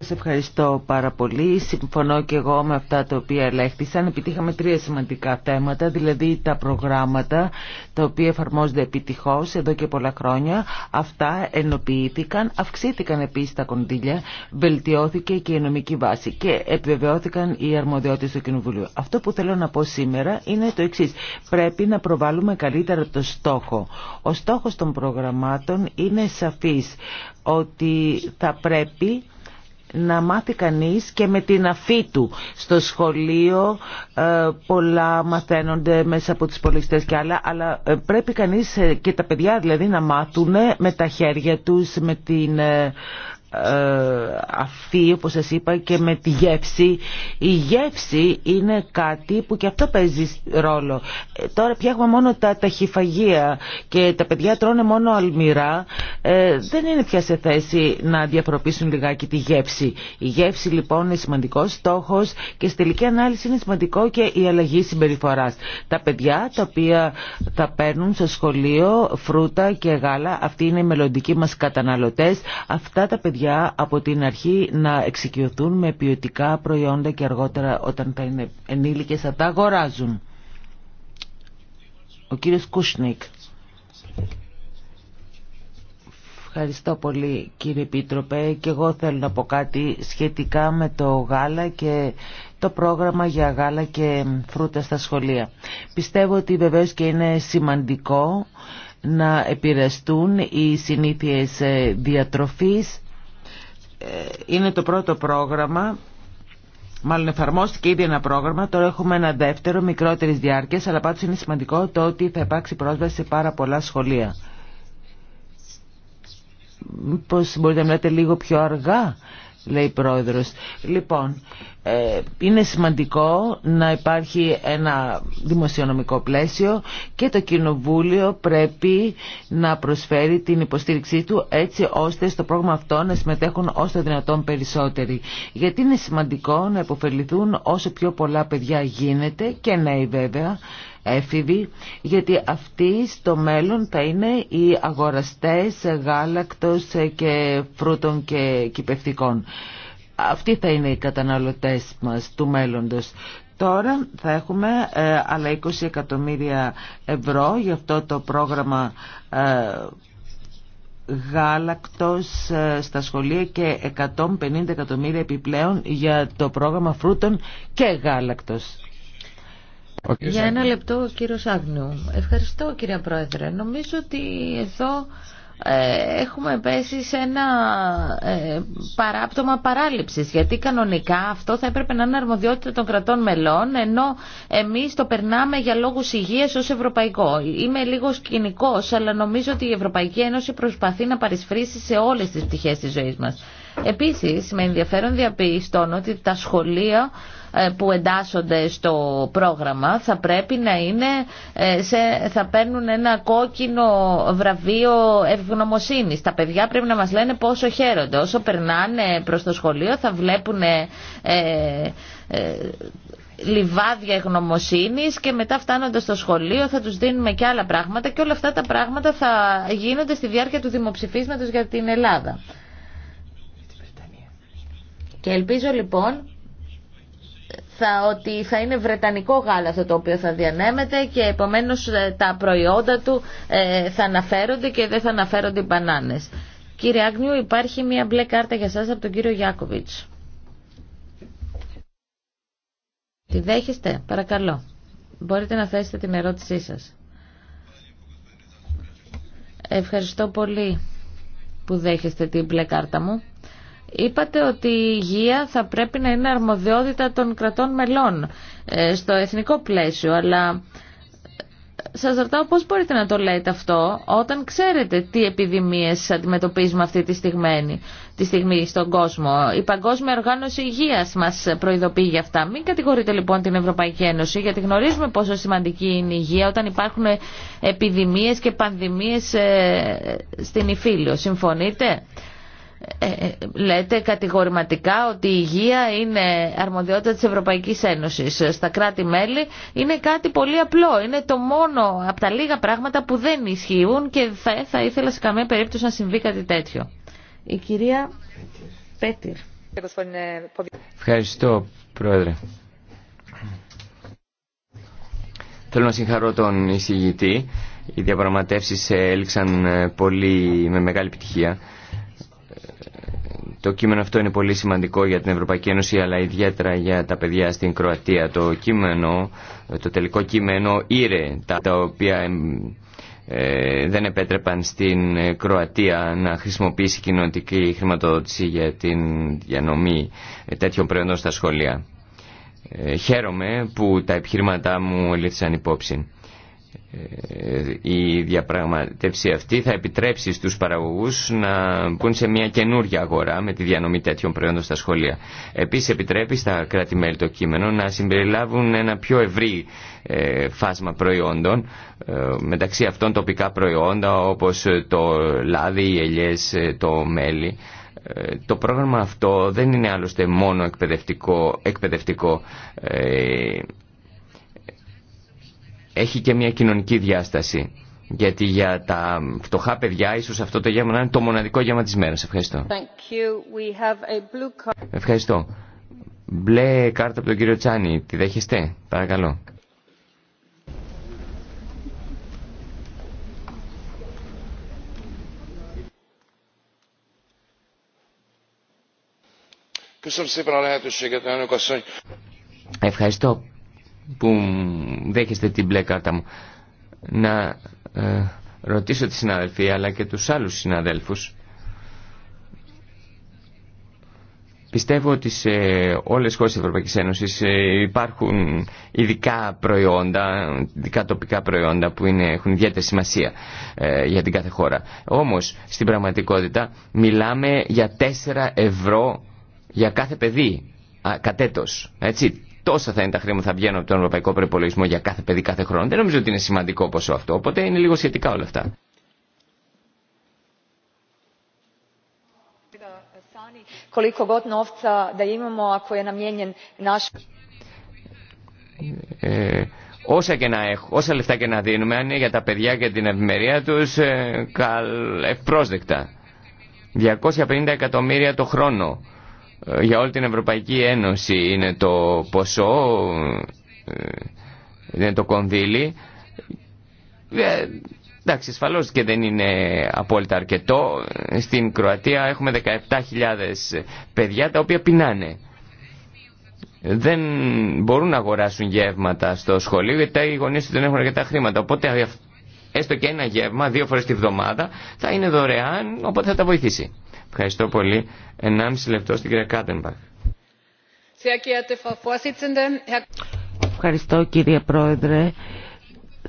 Σας ευχαριστώ πάρα πολύ. Συμφωνώ και εγώ με αυτά τα οποία ελέγχθησαν. Επιτύχαμε τρία σημαντικά θέματα, δηλαδή τα προγράμματα τα οποία εφαρμόζονται επιτυχώς εδώ και πολλά χρόνια. Αυτά ενοποιήθηκαν, αυξήθηκαν επίσης τα κονδύλια, βελτιώθηκε και η νομική βάση και επιβεβαιώθηκαν οι αρμοδιότητες του Κοινοβουλίου. Αυτό που θέλω να πω σήμερα είναι το εξή. Πρέπει να προβάλλουμε καλύτερα το στόχο. Ο στόχο των προγραμμάτων είναι σαφή ότι θα πρέπει να μάθει κανείς και με την αφή του. Στο σχολείο ε, πολλά μαθαίνονται μέσα από τις πολιστές και άλλα, αλλά ε, πρέπει κανείς ε, και τα παιδιά δηλαδή να μάθουν με τα χέρια τους, με την ε, αυτή όπως σας είπα και με τη γεύση η γεύση είναι κάτι που και αυτό παίζει ρόλο ε, τώρα πια έχουμε μόνο τα ταχυφαγεία και τα παιδιά τρώνε μόνο αλμυρά ε, δεν είναι πια σε θέση να διαφοροποιήσουν λιγάκι τη γεύση η γεύση λοιπόν είναι σημαντικός στόχος και στη τελική ανάλυση είναι σημαντικό και η αλλαγή συμπεριφοράς τα παιδιά τα οποία θα παίρνουν στο σχολείο φρούτα και γάλα αυτοί είναι οι μελλοντικοί μας καταναλωτές αυτά τα παιδιά παιδιά από την αρχή να εξοικειωθούν με ποιοτικά προϊόντα και αργότερα όταν θα είναι ενήλικες θα τα αγοράζουν. Ο κύριος Κούσνικ. Ευχαριστώ πολύ κύριε πίτροπε και εγώ θέλω να πω κάτι σχετικά με το γάλα και το πρόγραμμα για γάλα και φρούτα στα σχολεία. Πιστεύω ότι βεβαίως και είναι σημαντικό να επηρεαστούν οι συνήθειες ε, διατροφής είναι το πρώτο πρόγραμμα Μάλλον εφαρμόστηκε ήδη ένα πρόγραμμα, τώρα έχουμε ένα δεύτερο μικρότερης διάρκειας, αλλά πάντως είναι σημαντικό το ότι θα υπάρξει πρόσβαση σε πάρα πολλά σχολεία. Μήπως μπορείτε να μιλάτε λίγο πιο αργά, λέει πρόεδρος. Λοιπόν, ε, είναι σημαντικό να υπάρχει ένα δημοσιονομικό πλαίσιο και το Κοινοβούλιο πρέπει να προσφέρει την υποστήριξή του έτσι ώστε στο πρόγραμμα αυτό να συμμετέχουν όσο δυνατόν περισσότεροι. Γιατί είναι σημαντικό να υποφεληθούν όσο πιο πολλά παιδιά γίνεται και νέοι βέβαια έφηβοι γιατί αυτοί στο μέλλον θα είναι οι αγοραστές γάλακτος και φρούτων και κυπευτικών. Αυτοί θα είναι οι καταναλωτές μας του μέλλοντος. Τώρα θα έχουμε ε, άλλα 20 εκατομμύρια ευρώ για αυτό το πρόγραμμα ε, γάλακτος ε, στα σχολεία και 150 εκατομμύρια επιπλέον για το πρόγραμμα φρούτων και γάλακτος. Για ένα λεπτό ο κύριος Ευχαριστώ κύριε Πρόεδρε. Νομίζω ότι εδώ ε, έχουμε πέσει σε ένα ε, παράπτωμα παράληψης γιατί κανονικά αυτό θα έπρεπε να είναι αρμοδιότητα των κρατών μελών ενώ εμείς το περνάμε για λόγους υγείας ως ευρωπαϊκό. Είμαι λίγο σκηνικό, αλλά νομίζω ότι η Ευρωπαϊκή Ένωση προσπαθεί να παρισφρήσει σε όλες τις πτυχές της ζωής μας. Επίσης με ενδιαφέρον διαπιστώνω ότι τα σχολεία ε, που εντάσσονται στο πρόγραμμα θα πρέπει να είναι ε, σε, θα παίρνουν ένα κόκκινο βραβείο ευγνωμοσύνης. Τα παιδιά πρέπει να μας λένε πόσο χαίρονται. Όσο περνάνε προς το σχολείο θα βλέπουν ε, ε λιβάδια ευγνωμοσύνης και μετά φτάνοντα στο σχολείο θα του δίνουμε και άλλα πράγματα και όλα αυτά τα πράγματα θα γίνονται στη διάρκεια του δημοψηφίσματος για την Ελλάδα. Και ελπίζω λοιπόν θα ότι θα είναι βρετανικό γάλα αυτό το οποίο θα διανέμεται και επομένως ε, τα προϊόντα του ε, θα αναφέρονται και δεν θα αναφέρονται οι μπανάνες. Κύριε Άγνιου, υπάρχει μια μπλε κάρτα για σας από τον κύριο Γιάκοβιτς. Τη δέχεστε, παρακαλώ. Μπορείτε να θέσετε την ερώτησή σας. Ευχαριστώ πολύ που δέχεστε την μπλε κάρτα μου. Είπατε ότι η υγεία θα πρέπει να είναι αρμοδιότητα των κρατών μελών ε, στο εθνικό πλαίσιο, αλλά ε, σας ρωτάω πώς μπορείτε να το λέτε αυτό όταν ξέρετε τι επιδημίες αντιμετωπίζουμε αυτή τη στιγμή, τη στιγμή στον κόσμο. Η Παγκόσμια Οργάνωση Υγείας μας προειδοποιεί για αυτά. Μην κατηγορείτε λοιπόν την Ευρωπαϊκή Ένωση γιατί γνωρίζουμε πόσο σημαντική είναι η υγεία όταν υπάρχουν επιδημίες και πανδημίες ε, στην Ιφίλιο. Συμφωνείτε. Ε, ε, λέτε κατηγορηματικά ότι η υγεία είναι αρμοδιότητα της Ευρωπαϊκής Ένωσης. Στα κράτη-μέλη είναι κάτι πολύ απλό. Είναι το μόνο από τα λίγα πράγματα που δεν ισχύουν και θα, ήθελα σε καμία περίπτωση να συμβεί κάτι τέτοιο. Η κυρία Πέτυρ. Ευχαριστώ, Πρόεδρε. Θέλω να συγχαρώ τον εισηγητή. Οι διαπραγματεύσεις έλξαν ε, πολύ με μεγάλη επιτυχία. Το κείμενο αυτό είναι πολύ σημαντικό για την Ευρωπαϊκή Ένωση αλλά ιδιαίτερα για τα παιδιά στην Κροατία. Το κείμενο, το τελικό κείμενο ήρε τα, τα οποία ε, δεν επέτρεπαν στην Κροατία να χρησιμοποιήσει κοινωνική χρηματοδότηση για την διανομή ε, τέτοιων προϊόντων στα σχολεία. Ε, χαίρομαι που τα επιχείρηματά μου λήθησαν υπόψη. Ε, η διαπραγματεύση αυτή θα επιτρέψει στους παραγωγούς να μπουν σε μια καινούργια αγορά με τη διανομή τέτοιων προϊόντων στα σχολεία. Επίσης επιτρέπει στα κράτη-μέλη το κείμενο να συμπεριλάβουν ένα πιο ευρύ ε, φάσμα προϊόντων ε, μεταξύ αυτών τοπικά προϊόντα όπως το λάδι, οι ελιές, το μέλι. Το πρόγραμμα αυτό δεν είναι άλλωστε μόνο εκπαιδευτικό, εκπαιδευτικό έχει και μια κοινωνική διάσταση. Γιατί για τα φτωχά παιδιά ίσως αυτό το γεύμα να είναι το μοναδικό γεύμα της μέρας. Ευχαριστώ. Ευχαριστώ. Μπλε κάρτα από τον κύριο Τσάνι. Τη δέχεστε. Παρακαλώ. Ευχαριστώ που δέχεστε την μπλε κάρτα μου. Να ε, ρωτήσω τη συναδελφή αλλά και τους άλλους συναδέλφους. Πιστεύω ότι σε όλες τις χώρες της Ευρωπαϊκής Ένωσης ε, υπάρχουν ειδικά προϊόντα, ειδικά τοπικά προϊόντα που είναι, έχουν ιδιαίτερη σημασία ε, για την κάθε χώρα. Όμως στην πραγματικότητα μιλάμε για 4 ευρώ για κάθε παιδί κατέτος. Έτσι, τόσα θα είναι τα χρήματα που θα βγαίνουν από τον ευρωπαϊκό προπολογισμό για κάθε παιδί κάθε χρόνο. Δεν νομίζω ότι είναι σημαντικό ποσό αυτό, οπότε είναι λίγο σχετικά όλα αυτά. Ε, όσα, και να έχω, λεφτά και να δίνουμε, αν είναι για τα παιδιά και την ευημερία τους, ε, ευπρόσδεκτα. 250 εκατομμύρια το χρόνο ε, για όλη την Ευρωπαϊκή Ένωση είναι το ποσό, ε, είναι το κονδύλι. Ε, εντάξει, ασφαλώ και δεν είναι απόλυτα αρκετό. Στην Κροατία έχουμε 17.000 παιδιά τα οποία πεινάνε. Δεν μπορούν να αγοράσουν γεύματα στο σχολείο γιατί οι γονείς δεν έχουν αρκετά χρήματα. Οπότε έστω και ένα γεύμα δύο φορές τη βδομάδα θα είναι δωρεάν, οπότε θα τα βοηθήσει. Ευχαριστώ πολύ. 1,5 λεπτό στην κυρία Κάτεμπαχ. Ευχαριστώ κύριε Πρόεδρε.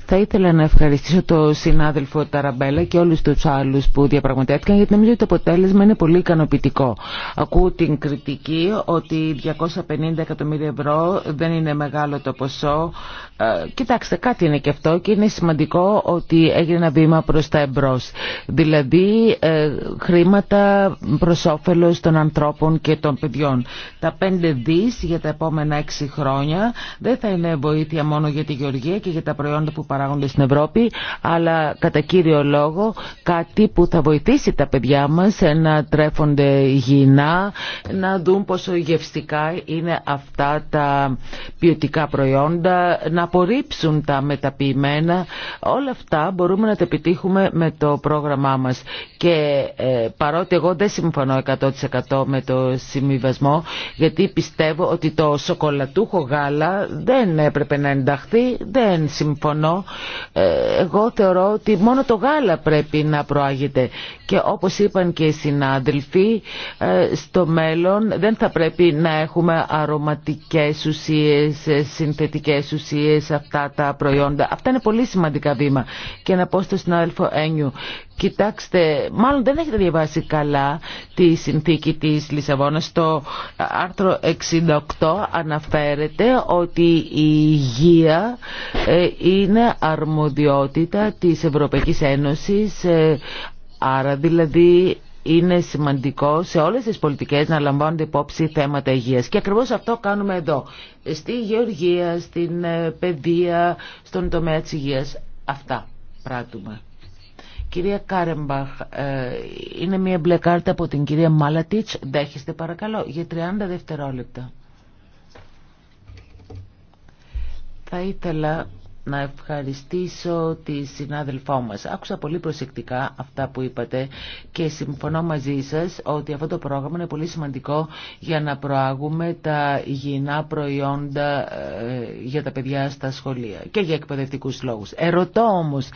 Θα ήθελα να ευχαριστήσω τον συνάδελφο Ταραμπέλα και όλους τους άλλους που διαπραγματεύτηκαν γιατί νομίζω ότι το αποτέλεσμα είναι πολύ ικανοποιητικό. Ακούω την κριτική ότι 250 εκατομμύρια ευρώ δεν είναι μεγάλο το ποσό. Ε, κοιτάξτε, κάτι είναι και αυτό και είναι σημαντικό ότι έγινε ένα βήμα προς τα εμπρός. Δηλαδή ε, χρήματα προς όφελος των ανθρώπων και των παιδιών. Τα 5 δις για τα επόμενα 6 χρόνια δεν θα είναι βοήθεια μόνο για τη γεωργία και για τα προϊόντα που παράγονται στην Ευρώπη, αλλά κατά κύριο λόγο κάτι που θα βοηθήσει τα παιδιά μας να τρέφονται υγιεινά, να δουν πόσο γευστικά είναι αυτά τα ποιοτικά προϊόντα, να απορρίψουν τα μεταποιημένα. Όλα αυτά μπορούμε να τα επιτύχουμε με το πρόγραμμά μας. Και ε, παρότι εγώ δεν συμφωνώ 100% με το συμβιβασμό, γιατί πιστεύω ότι το σοκολατούχο γάλα δεν έπρεπε να ενταχθεί, δεν συμφωνώ. Ε, εγώ θεωρώ ότι μόνο το γάλα πρέπει να προάγεται και όπως είπαν και οι συνάδελφοι ε, στο μέλλον δεν θα πρέπει να έχουμε αρωματικές ουσίες, ε, συνθετικές ουσίες αυτά τα προϊόντα. Αυτά είναι πολύ σημαντικά βήμα και να πω στο συνάδελφο Ένιου Κοιτάξτε, μάλλον δεν έχετε διαβάσει καλά τη συνθήκη της Λισαβόνας. Το άρθρο 68 αναφέρεται ότι η υγεία ε, είναι αρμοδιότητα της Ευρωπαϊκής Ένωσης, ε, άρα δηλαδή είναι σημαντικό σε όλες τις πολιτικές να λαμβάνονται υπόψη θέματα υγείας. Και ακριβώς αυτό κάνουμε εδώ, στη γεωργία, στην ε, παιδεία, στον τομέα της υγείας. Αυτά πράττουμε. Κυρία Κάρεμπαχ, ε, είναι μια μπλε κάρτα από την κυρία Μάλατιτς. Δέχεστε παρακαλώ για 30 δευτερόλεπτα. Θα ήθελα να ευχαριστήσω τη συνάδελφό μας. Άκουσα πολύ προσεκτικά αυτά που είπατε και συμφωνώ μαζί σας ότι αυτό το πρόγραμμα είναι πολύ σημαντικό για να προάγουμε τα υγιεινά προϊόντα ε, για τα παιδιά στα σχολεία και για εκπαιδευτικούς λόγους. Ερωτώ όμως,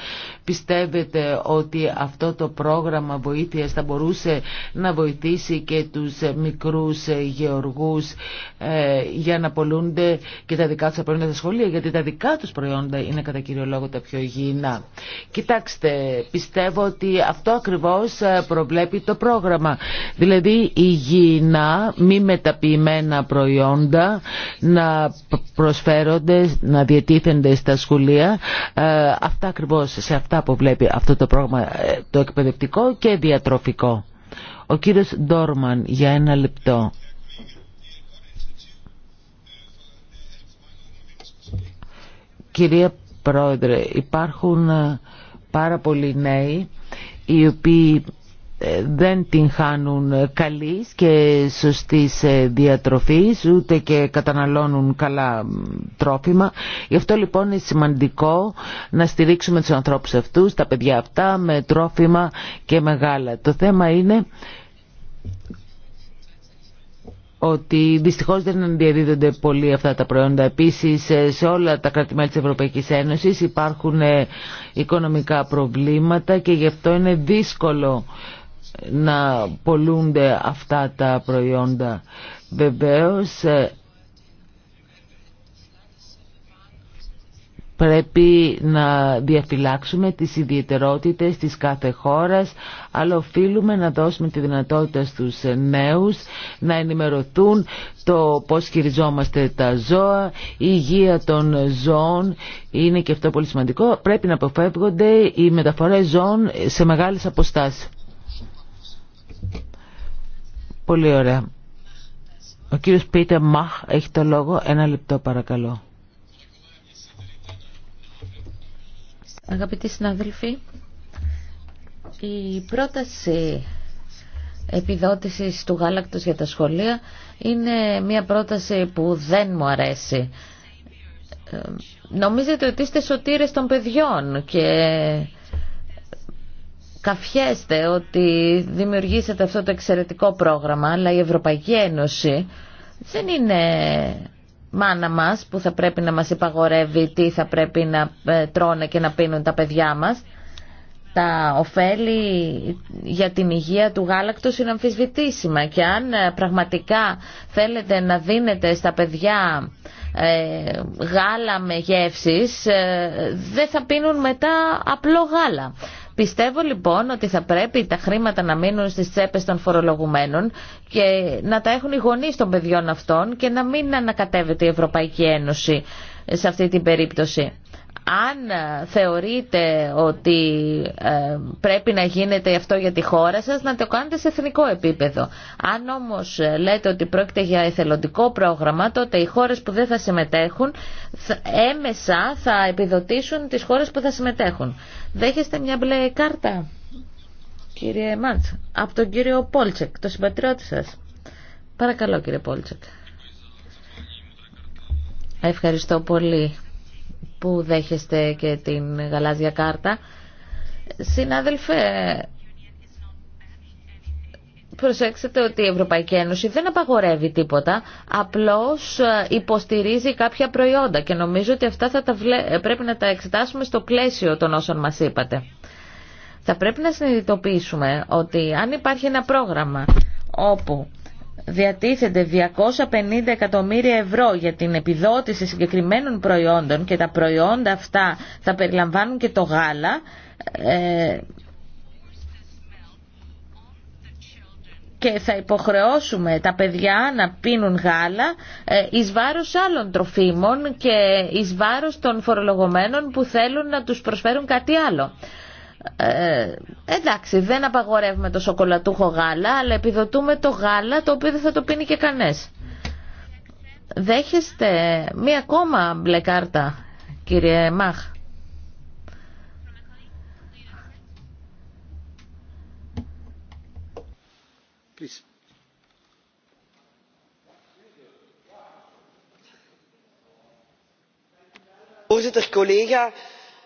πιστεύετε ότι αυτό το πρόγραμμα βοήθειας θα μπορούσε να βοηθήσει και τους μικρούς γεωργούς ε, για να πολλούνται και τα δικά τους προϊόντα στα σχολεία, γιατί τα δικά τους προϊόντα είναι κατά κύριο λόγο τα πιο υγιεινά. Κοιτάξτε, πιστεύω ότι αυτό ακριβώς ε, προβλέπει το πρόγραμμα. Δηλαδή υγιεινά, μη μεταποιημένα προϊόντα να προσφέρονται, να διατίθενται στα σχολεία. Ε, αυτά ακριβώς, σε αυτά που βλέπει αυτό το πρόγραμμα, ε, το εκπαιδευτικό και διατροφικό. Ο κύριος Ντόρμαν για ένα λεπτό. Κυρία Πρόεδρε, υπάρχουν ε, πάρα πολλοί νέοι οι οποίοι ε, δεν την χάνουν ε, καλής και σωστής διατροφής ούτε και καταναλώνουν καλά τρόφιμα γι' αυτό λοιπόν είναι σημαντικό να στηρίξουμε τους ανθρώπους αυτούς τα παιδιά αυτά με τρόφιμα και μεγάλα το θέμα είναι ότι δυστυχώς δεν διαδίδονται πολύ αυτά τα προϊόντα. Επίση, ε, σε όλα τα κράτη-μέλη της Ευρωπαϊκής Ένωσης υπάρχουν ε, οικονομικά προβλήματα και γι' αυτό είναι δύσκολο ε, να πολλούνται αυτά τα προϊόντα. Βεβαίως πρέπει να διαφυλάξουμε τις ιδιαιτερότητες της κάθε χώρας, αλλά οφείλουμε να δώσουμε τη δυνατότητα στους νέους να ενημερωθούν το πώς χειριζόμαστε τα ζώα, η υγεία των ζώων είναι και αυτό πολύ σημαντικό. Πρέπει να αποφεύγονται οι μεταφορές ζώων σε μεγάλες αποστάσεις. Πολύ ωραία. Ο κύριος Πίτερ Μαχ έχει το λόγο. Ένα λεπτό παρακαλώ. Αγαπητοί συναδελφοί, η πρόταση επιδότησης του γάλακτος για τα σχολεία είναι μια πρόταση που δεν μου αρέσει. Ε, νομίζετε ότι είστε σωτήρες των παιδιών και καφιέστε ότι δημιουργήσατε αυτό το εξαιρετικό πρόγραμμα, αλλά η Ευρωπαϊκή Ένωση δεν είναι μάνα μας που θα πρέπει να μας υπαγορεύει τι θα πρέπει να ε, τρώνε και να πίνουν τα παιδιά μας. Τα ωφέλη για την υγεία του γάλακτος είναι αμφισβητήσιμα και αν ε, πραγματικά θέλετε να δίνετε στα παιδιά ε, γάλα με γεύσεις δεν θα πίνουν μετά απλό γάλα. Πιστεύω λοιπόν ότι θα πρέπει τα χρήματα να μείνουν στις τσέπες των φορολογουμένων και να τα έχουν οι γονείς των παιδιών αυτών και να μην ανακατεύεται η Ευρωπαϊκή Ένωση σε αυτή την περίπτωση αν ε, θεωρείτε ότι ε, πρέπει να γίνεται αυτό για τη χώρα σας, να το κάνετε σε εθνικό επίπεδο. Αν όμως ε, λέτε ότι πρόκειται για εθελοντικό πρόγραμμα, τότε οι χώρες που δεν θα συμμετέχουν έμεσα θα επιδοτήσουν τις χώρες που θα συμμετέχουν. Δέχεστε μια μπλε κάρτα, κύριε Μάντς, από τον κύριο Πόλτσεκ, το συμπατριώτη σας. Παρακαλώ κύριε Πόλτσεκ. Ευχαριστώ πολύ που δέχεστε και την γαλάζια κάρτα. Συνάδελφε, προσέξτε ότι η Ευρωπαϊκή Ένωση δεν απαγορεύει τίποτα, απλώς ε, υποστηρίζει κάποια προϊόντα και νομίζω ότι αυτά θα ε, πρέπει να τα εξετάσουμε στο πλαίσιο των όσων μας είπατε. Θα πρέπει να συνειδητοποιήσουμε ότι αν υπάρχει ένα πρόγραμμα όπου διατίθενται 250 εκατομμύρια ευρώ για την επιδότηση συγκεκριμένων προϊόντων και τα προϊόντα αυτά θα περιλαμβάνουν και το γάλα ε, και θα υποχρεώσουμε τα παιδιά να πίνουν γάλα ε, εις βάρος άλλων τροφίμων και εις βάρος των φορολογωμένων που θέλουν να τους προσφέρουν κάτι άλλο. Ε, εντάξει, δεν απαγορεύουμε το σοκολατούχο γάλα, αλλά επιδοτούμε το γάλα το οποίο δεν θα το πίνει και κανές. Δέχεστε μία ακόμα μπλε κάρτα, κύριε Μάχ.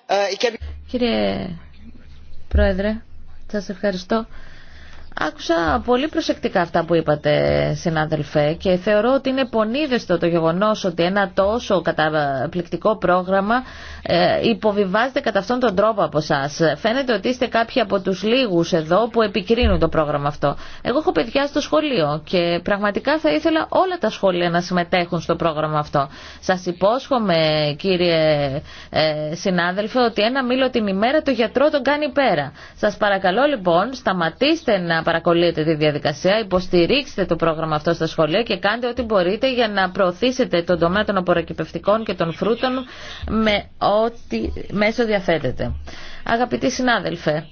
Eh, κύριε Πρόεδρε, σας ευχαριστώ. Άκουσα πολύ προσεκτικά αυτά που είπατε, συνάδελφε, και θεωρώ ότι είναι πονίδεστο το γεγονός ότι ένα τόσο καταπληκτικό πρόγραμμα ε, υποβιβάζεται κατά αυτόν τον τρόπο από εσά. Φαίνεται ότι είστε κάποιοι από τους λίγους εδώ που επικρίνουν το πρόγραμμα αυτό. Εγώ έχω παιδιά στο σχολείο και πραγματικά θα ήθελα όλα τα σχολεία να συμμετέχουν στο πρόγραμμα αυτό. Σας υπόσχομαι, κύριε ε, συνάδελφε, ότι ένα μήλο την ημέρα το γιατρό τον κάνει πέρα. Σας παρακαλώ λοιπόν, σταματήστε να να τη διαδικασία. Υποστηρίξτε το πρόγραμμα αυτό στα σχολεία και κάντε ό,τι μπορείτε για να προωθήσετε τον τομέα των απορροκυπευτικών και των φρούτων με ό,τι μέσο διαθέτεται. Αγαπητοί συνάδελφε,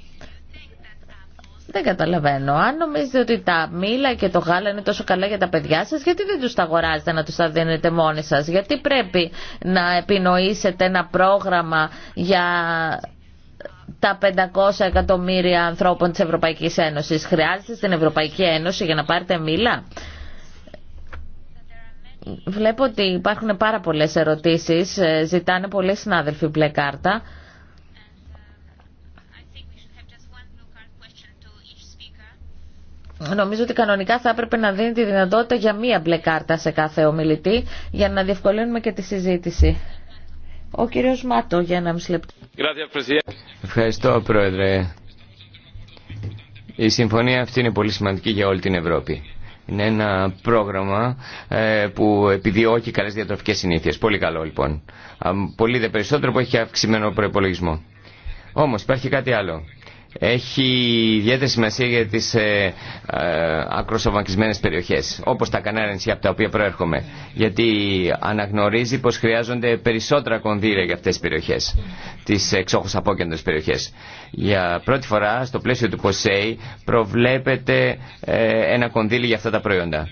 δεν καταλαβαίνω. Αν νομίζετε ότι τα μήλα και το γάλα είναι τόσο καλά για τα παιδιά σα, γιατί δεν του τα αγοράζετε να του τα δίνετε μόνοι σα. Γιατί πρέπει να επινοήσετε ένα πρόγραμμα για τα 500 εκατομμύρια ανθρώπων της Ευρωπαϊκής Ένωσης. Χρειάζεται στην Ευρωπαϊκή Ένωση για να πάρετε μήλα. Βλέπω ότι υπάρχουν πάρα πολλές ερωτήσεις. Ε, ζητάνε πολλοί συνάδελφοι μπλε κάρτα. Νομίζω ότι κανονικά θα έπρεπε να δίνει τη δυνατότητα για μία μπλε κάρτα σε κάθε ομιλητή για να διευκολύνουμε και τη συζήτηση. Ο κύριος Μάτο για ένα μισή λεπτό. Ευχαριστώ πρόεδρε. Η συμφωνία αυτή είναι πολύ σημαντική για όλη την Ευρώπη. Είναι ένα πρόγραμμα ε, που επιδιώκει καλές διατροφικές συνήθειες. Πολύ καλό λοιπόν. πολύ δε περισσότερο που έχει αυξημένο προπολογισμό. Όμως υπάρχει κάτι άλλο έχει ιδιαίτερη σημασία για τι ε, ε, περιοχές, όπως τα κανένα νησιά από τα οποία προέρχομαι, γιατί αναγνωρίζει πως χρειάζονται περισσότερα κονδύλια για αυτές τις περιοχές, τις εξόχως απόκεντρες περιοχές. Για πρώτη φορά, στο πλαίσιο του ΠΟΣΕΙ, προβλέπεται ε, ένα κονδύλι για αυτά τα προϊόντα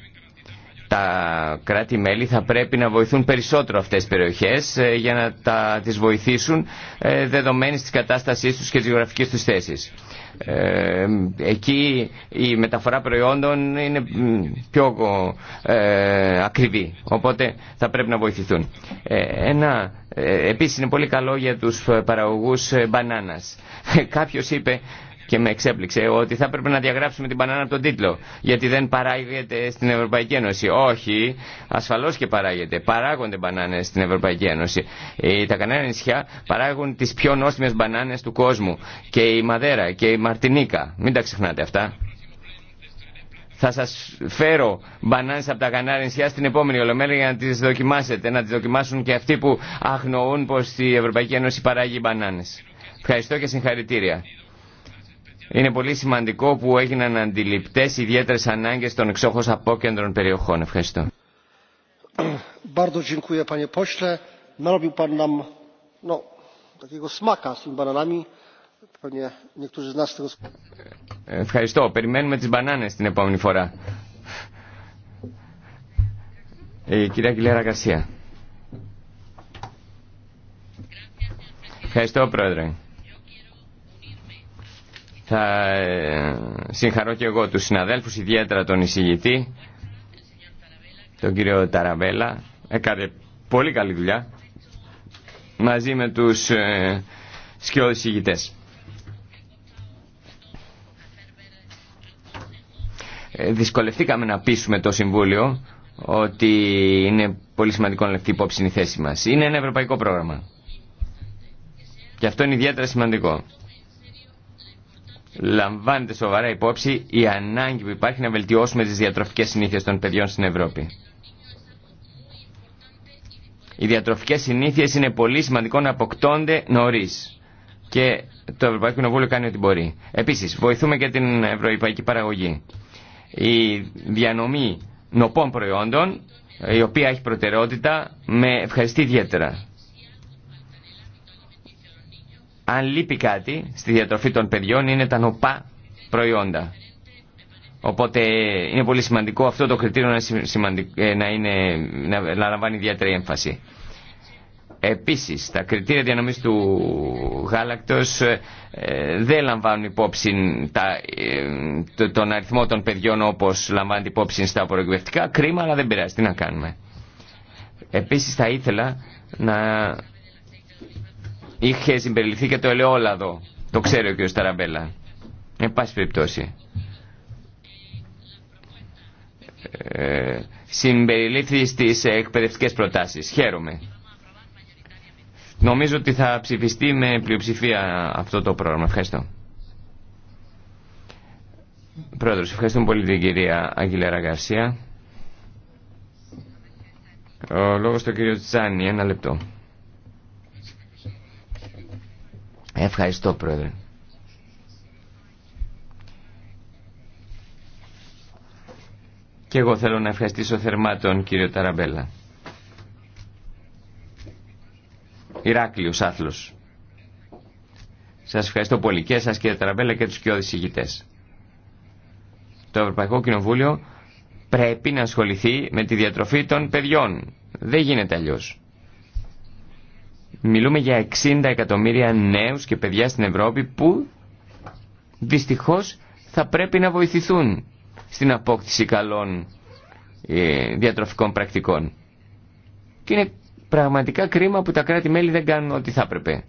τα κράτη-μέλη θα πρέπει να βοηθούν περισσότερο αυτές τις περιοχές ε, για να τα, τις βοηθήσουν ε, δεδομένης της κατάστασής τους και της γεωγραφικής τους θέσης. Ε, εκεί η μεταφορά προϊόντων είναι πιο ακριβή, οπότε θα πρέπει να βοηθηθούν. ένα, επίσης είναι πολύ καλό για τους παραγωγούς μπανάνας. Κάποιος είπε και με εξέπληξε ότι θα έπρεπε να διαγράψουμε την μπανάνα από τον τίτλο γιατί δεν παράγεται στην Ευρωπαϊκή Ένωση. Όχι, ασφαλώ και παράγεται. Παράγονται μπανάνε στην Ευρωπαϊκή Ένωση. Ε, τα Κανάρια νησιά παράγουν τι πιο νόστιμες μπανάνε του κόσμου και η Μαδέρα και η Μαρτινίκα. Μην τα ξεχνάτε αυτά. Θα σας φέρω μπανάνες από τα Κανάρια νησιά στην επόμενη ολομέλεια για να τις δοκιμάσετε, να τις δοκιμάσουν και αυτοί που αγνοούν πως η Ευρωπαϊκή Ένωση παράγει μπανάνες. Ευχαριστώ και συγχαρητήρια. Είναι πολύ σημαντικό που έγιναν αντιληπτές ιδιαίτερε ανάγκες των εξόχω απόκεντρων περιοχών. Ευχαριστώ. Ευχαριστώ. Περιμένουμε τις μπανάνες την επόμενη φορά. Ε, η κυρία Κιλέρα Γκαρσία. Ευχαριστώ, Πρόεδρε. Θα ε, συγχαρώ και εγώ τους συναδέλφους, ιδιαίτερα τον εισηγητή, τον κύριο Ταραβέλα. Έκανε πολύ καλή δουλειά μαζί με τους ε, σκιώδεις εισηγητές. Ε, δυσκολευτήκαμε να πείσουμε το Συμβούλιο ότι είναι πολύ σημαντικό να λεφτεί υπόψη η θέση μας. Είναι ένα ευρωπαϊκό πρόγραμμα. Και αυτό είναι ιδιαίτερα σημαντικό λαμβάνεται σοβαρά υπόψη η ανάγκη που υπάρχει να βελτιώσουμε τις διατροφικές συνήθειες των παιδιών στην Ευρώπη. Οι διατροφικές συνήθειες είναι πολύ σημαντικό να αποκτώνται νωρί. Και το Ευρωπαϊκό Κοινοβούλιο κάνει ό,τι μπορεί. Επίσης, βοηθούμε και την ευρωπαϊκή παραγωγή. Η διανομή νοπών προϊόντων, η οποία έχει προτεραιότητα, με ευχαριστεί ιδιαίτερα. Αν λείπει κάτι στη διατροφή των παιδιών είναι τα νοπά προϊόντα. Οπότε είναι πολύ σημαντικό αυτό το κριτήριο να, ε, είναι, να λαμβάνει ιδιαίτερη έμφαση. Επίσης, τα κριτήρια διανομής του γάλακτος ε, δεν λαμβάνουν υπόψη ε, τον αριθμό των παιδιών όπως λαμβάνει υπόψη στα προεκβευτικά. Κρίμα, αλλά δεν πειράζει. Τι να κάνουμε. Επίσης, θα ήθελα να είχε συμπεριληφθεί και το ελαιόλαδο. Το ξέρει ο κ. Σταραμπέλα. Εν πάση περιπτώσει. Ε, συμπεριλήφθη στις εκπαιδευτικές προτάσεις. Χαίρομαι. Νομίζω ότι θα ψηφιστεί με πλειοψηφία αυτό το πρόγραμμα. Ευχαριστώ. Πρόεδρος, ευχαριστούμε πολύ την κυρία Αγγιλέρα Γκαρσία. Ο λόγος του κύριο Τσάνι, ένα λεπτό. Ευχαριστώ πρόεδρε. Και εγώ θέλω να ευχαριστήσω θερμά τον κύριο Ταραμπέλα. Ηράκλειος Άθλος. Σας ευχαριστώ πολύ και σας κύριε Ταραμπέλα και τους κοιόδης ηγητές. Το Ευρωπαϊκό Κοινοβούλιο πρέπει να ασχοληθεί με τη διατροφή των παιδιών. Δεν γίνεται αλλιώς. Μιλούμε για 60 εκατομμύρια νέους και παιδιά στην Ευρώπη που δυστυχώς θα πρέπει να βοηθηθούν στην απόκτηση καλών ε, διατροφικών πρακτικών. Και είναι πραγματικά κρίμα που τα κράτη-μέλη δεν κάνουν ό,τι θα έπρεπε.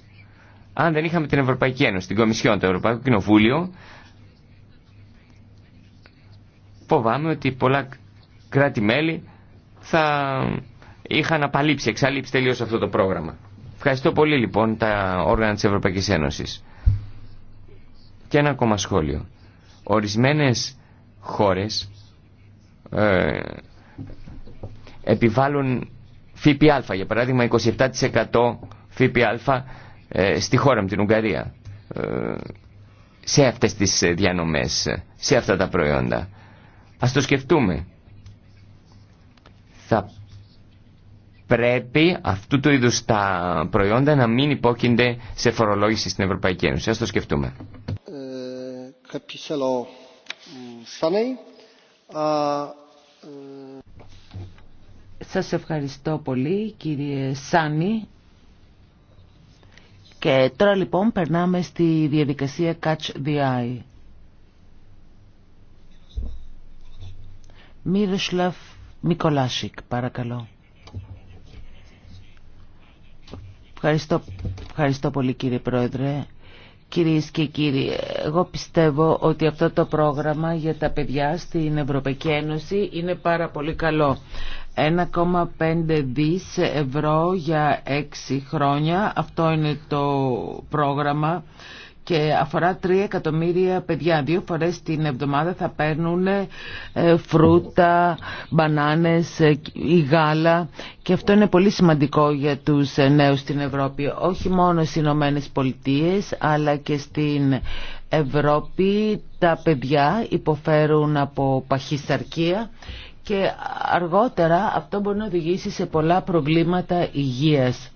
Αν δεν είχαμε την Ευρωπαϊκή Ένωση, την Κομισιόν, το Ευρωπαϊκό Κοινοβούλιο, φοβάμαι ότι πολλά κράτη-μέλη θα είχαν απαλείψει, εξαλείψει τελείως αυτό το πρόγραμμα. Ευχαριστώ πολύ λοιπόν τα όργανα της Ευρωπαϊκής Ένωσης. Και ένα ακόμα σχόλιο. Ορισμένες χώρες ε, επιβάλλουν ΦΠΑ, για παράδειγμα 27% ΦΠΑ ε, στη χώρα μου, την Ουγγαρία, ε, σε αυτές τις διανομές, σε αυτά τα προϊόντα. Ας το σκεφτούμε. Θα πρέπει αυτού του είδους τα προϊόντα να μην υπόκεινται σε φορολόγηση στην Ευρωπαϊκή Ένωση. Ας το σκεφτούμε. Ε, Σας ε, ευχαριστώ πολύ κύριε Σάνι. Και τώρα λοιπόν περνάμε στη διαδικασία Catch the Eye. Μικολάσικ, παρακαλώ. Ευχαριστώ, ευχαριστώ πολύ κύριε Πρόεδρε. κύριε και κύριοι, εγώ πιστεύω ότι αυτό το πρόγραμμα για τα παιδιά στην Ευρωπαϊκή Ένωση είναι πάρα πολύ καλό. 1,5 δις ευρώ για 6 χρόνια, αυτό είναι το πρόγραμμα και αφορά 3 εκατομμύρια παιδιά. Δύο φορές την εβδομάδα θα παίρνουν ε, φρούτα, μπανάνες ή ε, γάλα και αυτό είναι πολύ σημαντικό για τους ε, νέους στην Ευρώπη. Όχι μόνο στις Ηνωμένε Πολιτείες αλλά και στην Ευρώπη τα παιδιά υποφέρουν από παχυσαρκία και αργότερα αυτό μπορεί να οδηγήσει σε πολλά προβλήματα υγείας.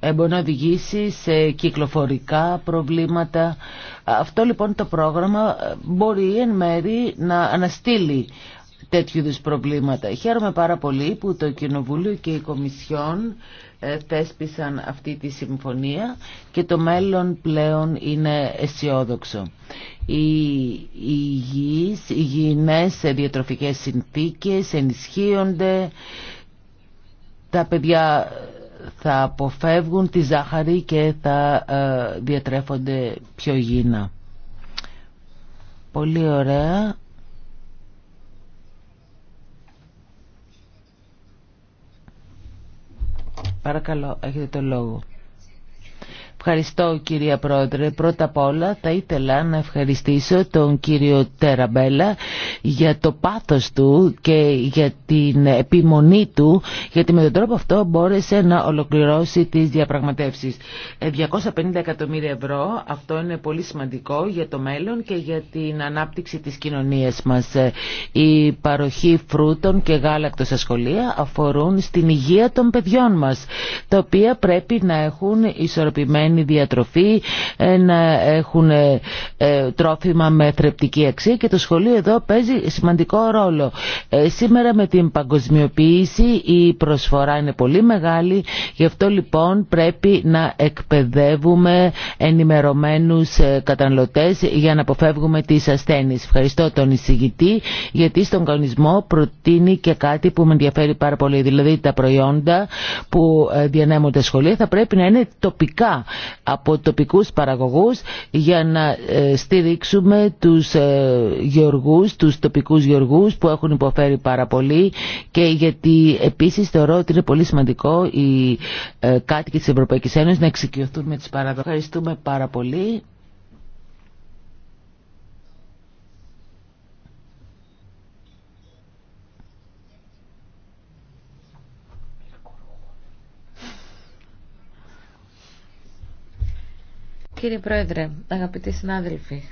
Ε, μπορεί να οδηγήσει σε κυκλοφορικά προβλήματα. Αυτό λοιπόν το πρόγραμμα ε, μπορεί εν μέρη να αναστείλει τέτοιου είδου προβλήματα. Χαίρομαι πάρα πολύ που το Κοινοβούλιο και η Κομισιόν ε, θέσπισαν αυτή τη συμφωνία και το μέλλον πλέον είναι αισιόδοξο. Οι υγιείς, υγιεινές διατροφικές συνθήκες ενισχύονται, τα παιδιά θα αποφεύγουν τη ζάχαρη και θα ε, διατρέφονται πιο γίνα. Πολύ ωραία. Παρακαλώ, έχετε το λόγο. Ευχαριστώ κυρία Πρόεδρε. Πρώτα απ' όλα θα ήθελα να ευχαριστήσω τον κύριο Τεραμπέλα για το πάθος του και για την επιμονή του γιατί με τον τρόπο αυτό μπόρεσε να ολοκληρώσει τις διαπραγματεύσεις. 250 ε, εκατομμύρια ευρώ, αυτό είναι πολύ σημαντικό για το μέλλον και για την ανάπτυξη της κοινωνίας μας. Ε, η παροχή φρούτων και γάλακτος στα σχολεία αφορούν στην υγεία των παιδιών μας, τα οποία πρέπει να έχουν ισορροπημένη συγκεκριμένη διατροφή, να έχουν ε, ε, τρόφιμα με θρεπτική αξία και το σχολείο εδώ παίζει σημαντικό ρόλο. Ε, σήμερα με την παγκοσμιοποίηση η προσφορά είναι πολύ μεγάλη, γι' αυτό λοιπόν πρέπει να εκπαιδεύουμε ενημερωμένους καταναλωτές για να αποφεύγουμε τις ασθένειες. Ευχαριστώ τον εισηγητή γιατί στον κανονισμό προτείνει και κάτι που με ενδιαφέρει πάρα πολύ, δηλαδή τα προϊόντα που διανέμονται σχολεία θα πρέπει να είναι τοπικά από τοπικούς παραγωγούς για να ε, στηρίξουμε τους ε, γεωργούς, τους τοπικούς γεωργούς που έχουν υποφέρει πάρα πολύ και γιατί επίσης θεωρώ ότι είναι πολύ σημαντικό οι ε, κάτοικοι της Ευρωπαϊκής Ένωσης να εξοικειωθούν με τις παραδοχές. Ευχαριστούμε πάρα πολύ. Κύριε Πρόεδρε, αγαπητοί συνάδελφοι,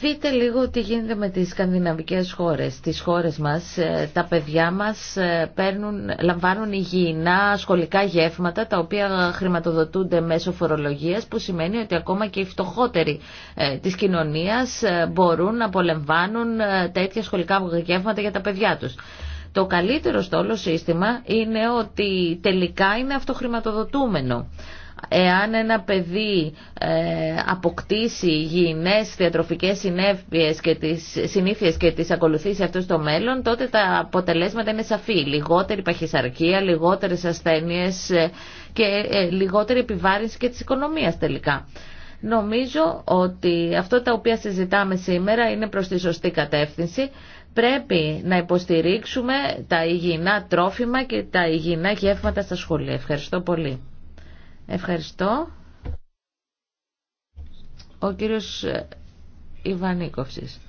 Δείτε λίγο τι γίνεται με τις σκανδιναβικές χώρες. Τις χώρες μας ε, τα παιδιά μας ε, παίρνουν, λαμβάνουν υγιεινά σχολικά γεύματα τα οποία χρηματοδοτούνται μέσω φορολογίας που σημαίνει ότι ακόμα και οι φτωχότεροι ε, της κοινωνίας μπορούν να απολεμβάνουν τέτοια σχολικά γεύματα για τα παιδιά τους. Το καλύτερο στο όλο σύστημα είναι ότι τελικά είναι αυτοχρηματοδοτούμενο. Εάν ένα παιδί ε, αποκτήσει υγιεινές διατροφικές συνέπειες και τις συνήθειες και τις ακολουθήσει αυτό στο μέλλον, τότε τα αποτελέσματα είναι σαφή. Λιγότερη παχυσαρκία, λιγότερες ασθένειες ε, και ε, λιγότερη επιβάρυνση και της οικονομίας τελικά. Νομίζω ότι αυτό τα οποία συζητάμε σήμερα είναι προς τη σωστή κατεύθυνση πρέπει να υποστηρίξουμε τα υγιεινά τρόφιμα και τα υγιεινά γεύματα στα σχολεία. Ευχαριστώ πολύ. Ευχαριστώ. Ο κύριος Ιβανίκοφσης.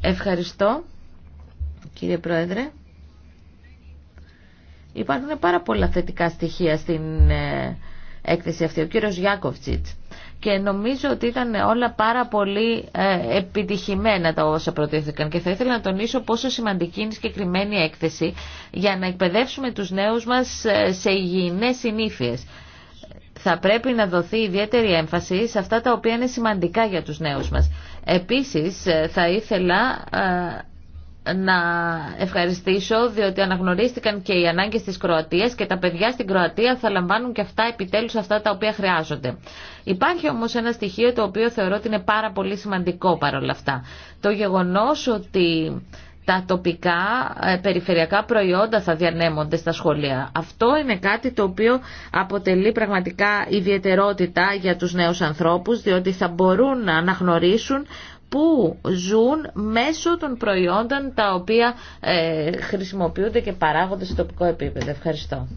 Ευχαριστώ, κύριε Πρόεδρε. Υπάρχουν πάρα πολλά θετικά στοιχεία στην ε, έκθεση αυτή. Ο κύριος Γιάκοφτσιτς και νομίζω ότι ήταν όλα πάρα πολύ ε, επιτυχημένα τα όσα προτίθηκαν και θα ήθελα να τονίσω πόσο σημαντική είναι η συγκεκριμένη έκθεση για να εκπαιδεύσουμε τους νέους μας ε, σε υγιεινές συνήθειες. Θα πρέπει να δοθεί ιδιαίτερη έμφαση σε αυτά τα οποία είναι σημαντικά για τους νέους μας. Επίσης ε, θα ήθελα να ευχαριστήσω διότι αναγνωρίστηκαν και οι ανάγκες της Κροατίας και τα παιδιά στην Κροατία θα λαμβάνουν και αυτά επιτέλους αυτά τα οποία χρειάζονται. Υπάρχει όμως ένα στοιχείο το οποίο θεωρώ ότι είναι πάρα πολύ σημαντικό παρόλα αυτά. Το γεγονός ότι τα τοπικά ε, περιφερειακά προϊόντα θα διανέμονται στα σχολεία. Αυτό είναι κάτι το οποίο αποτελεί πραγματικά ιδιαιτερότητα για τους νέους ανθρώπους, διότι θα μπορούν να αναγνωρίσουν που ζουν μέσω των προϊόντων τα οποία ε, χρησιμοποιούνται και παράγονται σε τοπικό επίπεδο. Ευχαριστώ.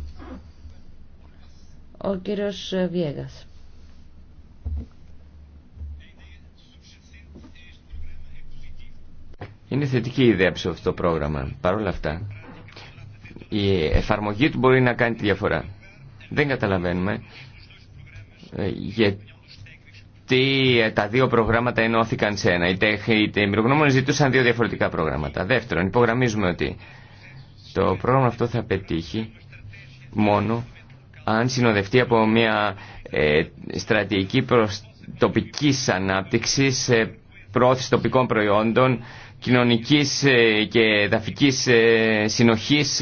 Ο κύριος ε, Βιέγας. Είναι θετική η ιδέα από αυτό το πρόγραμμα. Παρ' όλα αυτά, η εφαρμογή του μπορεί να κάνει τη διαφορά. Δεν καταλαβαίνουμε ε, γιατί ε, τα δύο προγράμματα ενώθηκαν σε ένα. Οι, οι ζητούσαν δύο διαφορετικά προγράμματα. Δεύτερον, υπογραμμίζουμε ότι το πρόγραμμα αυτό θα πετύχει μόνο αν συνοδευτεί από μια ε, στρατηγική προς τοπικής ανάπτυξης, ε, τοπικών προϊόντων, κοινωνικής ε, και δαφικής ε, συνοχής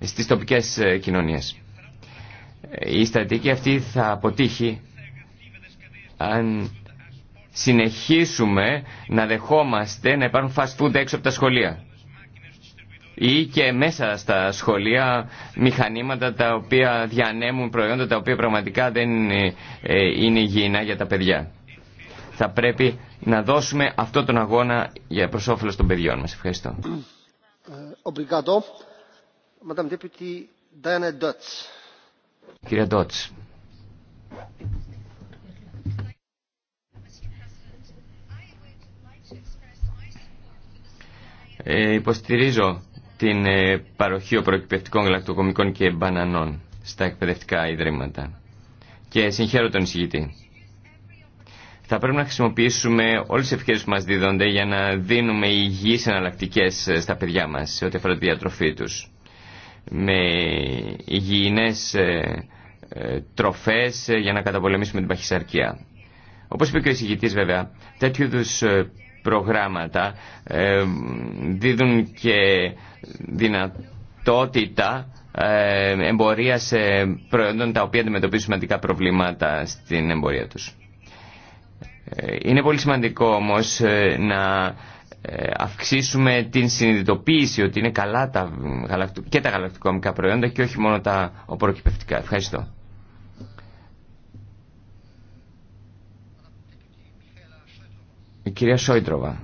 στις τοπικές κοινωνίες. Η στρατηγική αυτή θα αποτύχει αν συνεχίσουμε να δεχόμαστε να υπάρχουν fast food έξω από τα σχολεία ή και μέσα στα σχολεία μηχανήματα τα οποία διανέμουν προϊόντα τα οποία πραγματικά δεν ε, είναι υγιεινά για τα παιδιά. Θα πρέπει να δώσουμε αυτό τον αγώνα για προς των παιδιών μας. Ευχαριστώ. Ε, Κυρία Ε, υποστηρίζω την ε, παροχή προεκπαιδευτικών γαλακτοκομικών και μπανανών στα εκπαιδευτικά ιδρύματα. Και συγχαίρω τον εισηγητή. Θα πρέπει να χρησιμοποιήσουμε όλε τι ευκαιρίε που μα δίδονται για να δίνουμε υγιεί εναλλακτικέ ε, στα παιδιά μα σε ό,τι αφορά τη διατροφή του. Με υγιεινέ ε, τροφέ για να καταπολεμήσουμε την παχυσαρκία. Όπω είπε και ο εισηγητή, βέβαια, τέτοιου είδου προγράμματα ε, δίδουν και δυνατότητα ε, εμπορία σε προϊόντων τα οποία αντιμετωπίζουν σημαντικά προβλήματα στην εμπορία τους. Ε, είναι πολύ σημαντικό όμως να αυξήσουμε την συνειδητοποίηση ότι είναι καλά τα, και τα γαλακτοκομικά προϊόντα και όχι μόνο τα οπωροκυπευτικά. Ευχαριστώ. κυρία Σόιτροβα.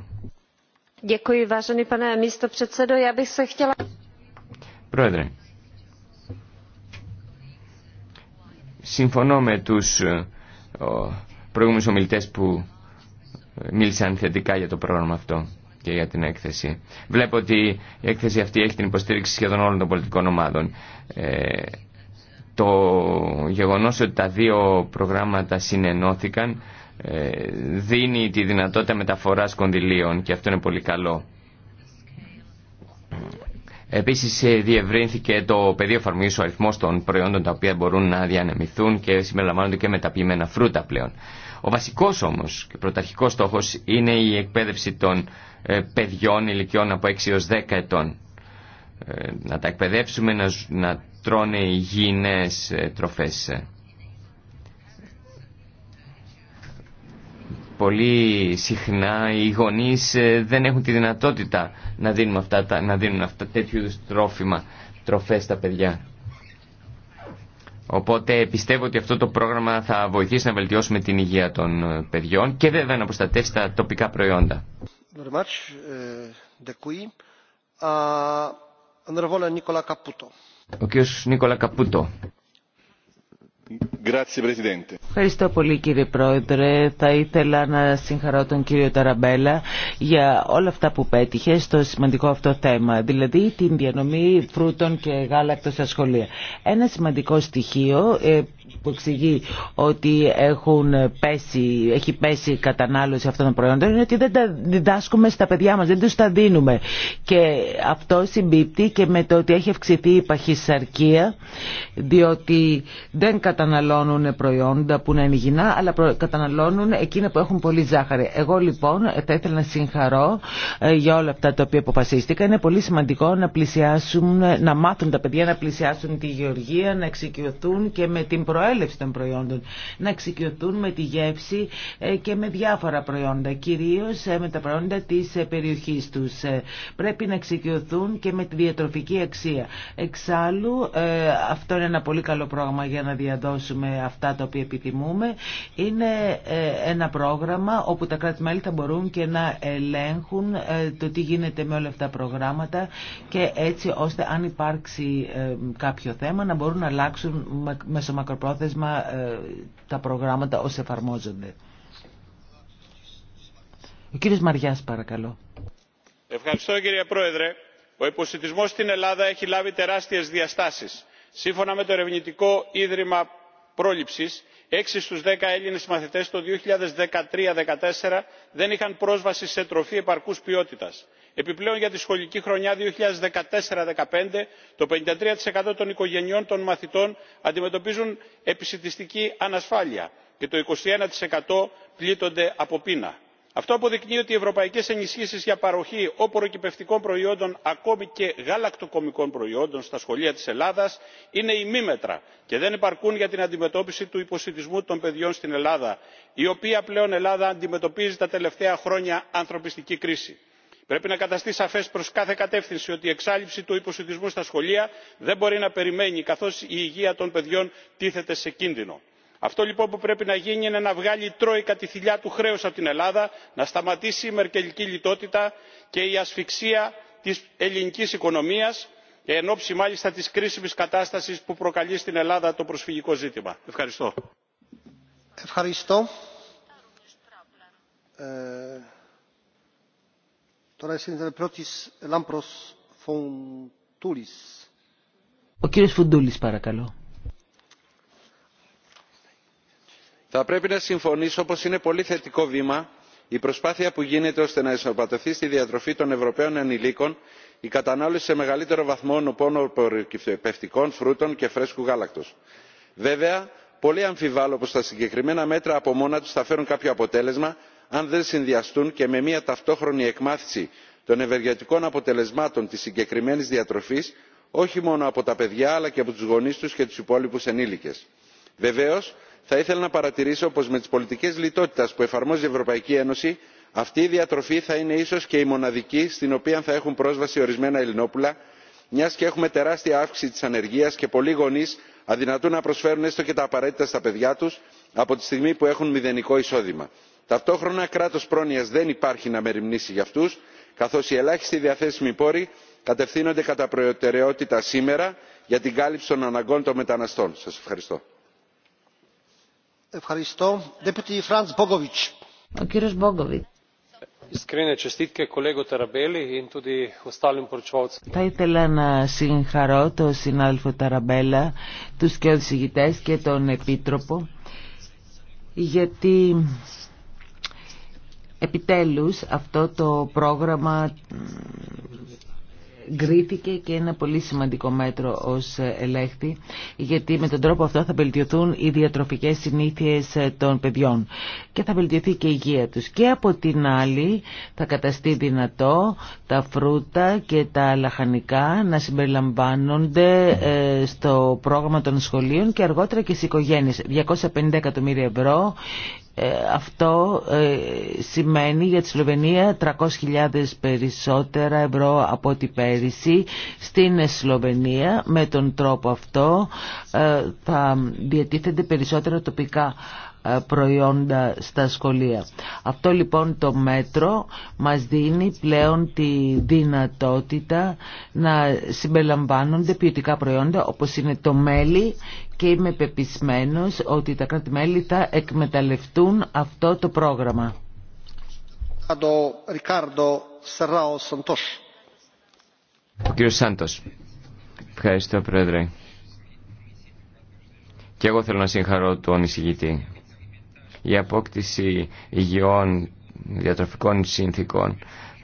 Πρόεδρε, συμφωνώ με τους ε, προηγούμενους ομιλητές που ε, μίλησαν θετικά για το πρόγραμμα αυτό και για την έκθεση. Βλέπω ότι η έκθεση αυτή έχει την υποστήριξη σχεδόν όλων των πολιτικών ομάδων. Ε, το γεγονός ότι τα δύο προγράμματα συνενώθηκαν ε, δίνει τη δυνατότητα μεταφοράς κονδυλίων και αυτό είναι πολύ καλό. Επίσης ε, διευρύνθηκε το πεδίο εφαρμογή ο αριθμό των προϊόντων τα οποία μπορούν να διανεμηθούν και συμπεριλαμβάνονται και μεταποιημένα φρούτα πλέον. Ο βασικός όμως και πρωταρχικός στόχος είναι η εκπαίδευση των ε, παιδιών ηλικιών από 6 έως 10 ετών. Να τα εκπαιδεύσουμε να, να τρώνε υγιεινές τροφές. πολύ συχνά οι γονείς ε, δεν έχουν τη δυνατότητα να δίνουν αυτά, να δίνουν αυτά τέτοιου είδους τρόφιμα, τροφές στα παιδιά. Οπότε πιστεύω ότι αυτό το πρόγραμμα θα βοηθήσει να βελτιώσουμε την υγεία των ε, παιδιών και βέβαια να προστατεύσει τα τοπικά προϊόντα. Ε, Ο κ. Νίκολα Καπούτο. Ευχαριστώ πολύ κύριε Πρόεδρε. Θα ήθελα να συγχαρώ τον κύριο Ταραμπέλα για όλα αυτά που πέτυχε στο σημαντικό αυτό θέμα, δηλαδή την διανομή φρούτων και γάλακτος στα σχολεία. Ένα σημαντικό στοιχείο ε, που εξηγεί ότι έχουν πέσει, έχει πέσει η κατανάλωση αυτών των προϊόντων είναι ότι δεν τα διδάσκουμε στα παιδιά μας, δεν τους τα δίνουμε. Και αυτό συμπίπτει και με το ότι έχει αυξηθεί η παχυσαρκία διότι δεν καταναλώνουν προϊόντα που να είναι υγιεινά αλλά καταναλώνουν εκείνα που έχουν πολύ ζάχαρη. Εγώ λοιπόν θα ήθελα να συγχαρώ ε, για όλα αυτά τα οποία αποφασίστηκα. Είναι πολύ σημαντικό να πλησιάσουν, να μάθουν τα παιδιά να πλησιάσουν τη γεωργία, να εξοικειωθούν και με την προέλευση προέλευση των προϊόντων, να εξοικειωθούν με τη γεύση ε, και με διάφορα προϊόντα, κυρίως ε, με τα προϊόντα της ε, περιοχής τους. Πρέπει να εξοικειωθούν και με τη διατροφική αξία. Εξάλλου, αυτό είναι ένα πολύ καλό πρόγραμμα για να διαδώσουμε αυτά τα οποία επιθυμούμε. Είναι ένα πρόγραμμα όπου τα κράτη-μέλη θα μπορούν και να ελέγχουν το τι γίνεται με όλα αυτά τα προγράμματα και έτσι ώστε αν υπάρξει κάποιο θέμα να μπορούν να αλλάξουν μακροπρόθεσμα ε, τα προγράμματα όσοι εφαρμόζονται. Ο Μαριάς παρακαλώ. Ευχαριστώ κύριε Πρόεδρε. Ο υποσυτισμός στην Ελλάδα έχει λάβει τεράστιες διαστάσεις. Σύμφωνα με το Ερευνητικό Ίδρυμα Πρόληψης, 6 στους 10 Έλληνες μαθητές το 2013-2014 δεν είχαν πρόσβαση σε τροφή επαρκούς ποιότητας επιπλέον για τη σχολική χρονιά δύο χιλιάδες το 53% των οικογενειών των μαθητών αντιμετωπίζουν επισητιστική ανασφάλεια και το 21% ένα πλήττονται από πείνα. αυτό αποδεικνύει ότι οι ευρωπαϊκές ενισχύσεις για παροχή οπωροκυπευτικών προϊόντων ακόμη και γαλακτοκομικών προϊόντων στα σχολεία της ελλάδας είναι ημίμετρα και δεν επαρκούν για την αντιμετώπιση του υποσιτισμού των παιδιών στην ελλάδα η οποία πλέον Ελλάδα αντιμετωπίζει τα τελευταία χρόνια ανθρωπιστική κρίση πρέπει να καταστεί σαφές προ κάθε κατεύθυνση ότι η εξάλληψη του υποσιτισμού στα σχολεία δεν μπορεί να περιμένει καθώ η υγεία των παιδιών τίθεται σε κίνδυνο. αυτό λοιπόν που πρέπει να γίνει είναι να βγάλει η τρόικα τη θηλιά του χρέου από την ελλάδα να σταματήσει η μερκελική λιτότητα και η ασφιξία τη ελληνική οικονομία, εν ώψη μάλιστα τη κρίσιμη κατάσταση που προκαλεί στην ελλάδα το προσφυγικό ζήτημα. ευχαριστώ. Ε, θα πρέπει να συμφωνήσω πως είναι πολύ θετικό βήμα η προσπάθεια που γίνεται ώστε να ενσωματωθεί στη διατροφή των Ευρωπαίων ενηλίκων η κατανάλωση σε μεγαλύτερο βαθμό νοπών οποροκυπευτικών φρούτων και φρέσκου γάλακτος. Βέβαια, πολύ αμφιβάλλω πως τα συγκεκριμένα μέτρα από μόνα τους θα φέρουν κάποιο αποτέλεσμα αν δεν συνδυαστούν και με μια ταυτόχρονη εκμάθηση των ευεργετικών αποτελεσμάτων της συγκεκριμένης διατροφής όχι μόνο από τα παιδιά αλλά και από τους γονείς τους και τους υπόλοιπους ενήλικες. βεβαίως θα ήθελα να παρατηρήσω πως με τις πολιτικές λιτότητας που εφαρμόζει η ευρωπαϊκή ένωση αυτή η διατροφή θα είναι ίσως και η μοναδική στην οποία θα έχουν πρόσβαση ορισμένα ελληνόπουλα μιας και έχουμε τεράστια αύξηση της ανεργίας και πολλοί γονείς αδυνατούν να προσφέρουν έστω και τα απαραίτητα στα παιδιά τους από τη στιγμή που έχουν μηδενικό εισόδημα ταυτόχρονα κράτος πρόνοιας δεν υπάρχει να μεριμνήσει για αυτούς καθώς οι ελάχιστοι διαθέσιμοι πόροι κατευθύνονται κατά προτεραιότητα σήμερα για την κάλυψη των αναγκών των μεταναστών. σας ευχαριστώ. Θα ήθελα να συγχαρώ τον συνάδελφο Ταραμπέλα, τους και και τον Επίτροπο γιατί Επιτέλους αυτό το πρόγραμμα γκρίθηκε και ένα πολύ σημαντικό μέτρο ως ελέγχτη γιατί με τον τρόπο αυτό θα βελτιωθούν οι διατροφικές συνήθειες των παιδιών και θα βελτιωθεί και η υγεία τους. Και από την άλλη θα καταστεί δυνατό τα φρούτα και τα λαχανικά να συμπεριλαμβάνονται ε, στο πρόγραμμα των σχολείων και αργότερα και στις οικογένειες. 250 εκατομμύρια ευρώ ε, αυτό ε, σημαίνει για τη Σλοβενία 300.000 περισσότερα ευρώ από την πέρυσι στην Σλοβενία. Με τον τρόπο αυτό ε, θα διατίθενται περισσότερα τοπικά ε, προϊόντα στα σχολεία. Αυτό λοιπόν το μέτρο μας δίνει πλέον τη δυνατότητα να συμπεριλαμβάνονται ποιοτικά προϊόντα όπως είναι το μέλι και είμαι πεπισμένος ότι τα κράτη-μέλη θα εκμεταλλευτούν αυτό το πρόγραμμα. Ο κύριος Σάντος. Ευχαριστώ, Πρόεδρε. Και εγώ θέλω να συγχαρώ τον εισηγητή η απόκτηση υγιών διατροφικών συνθήκων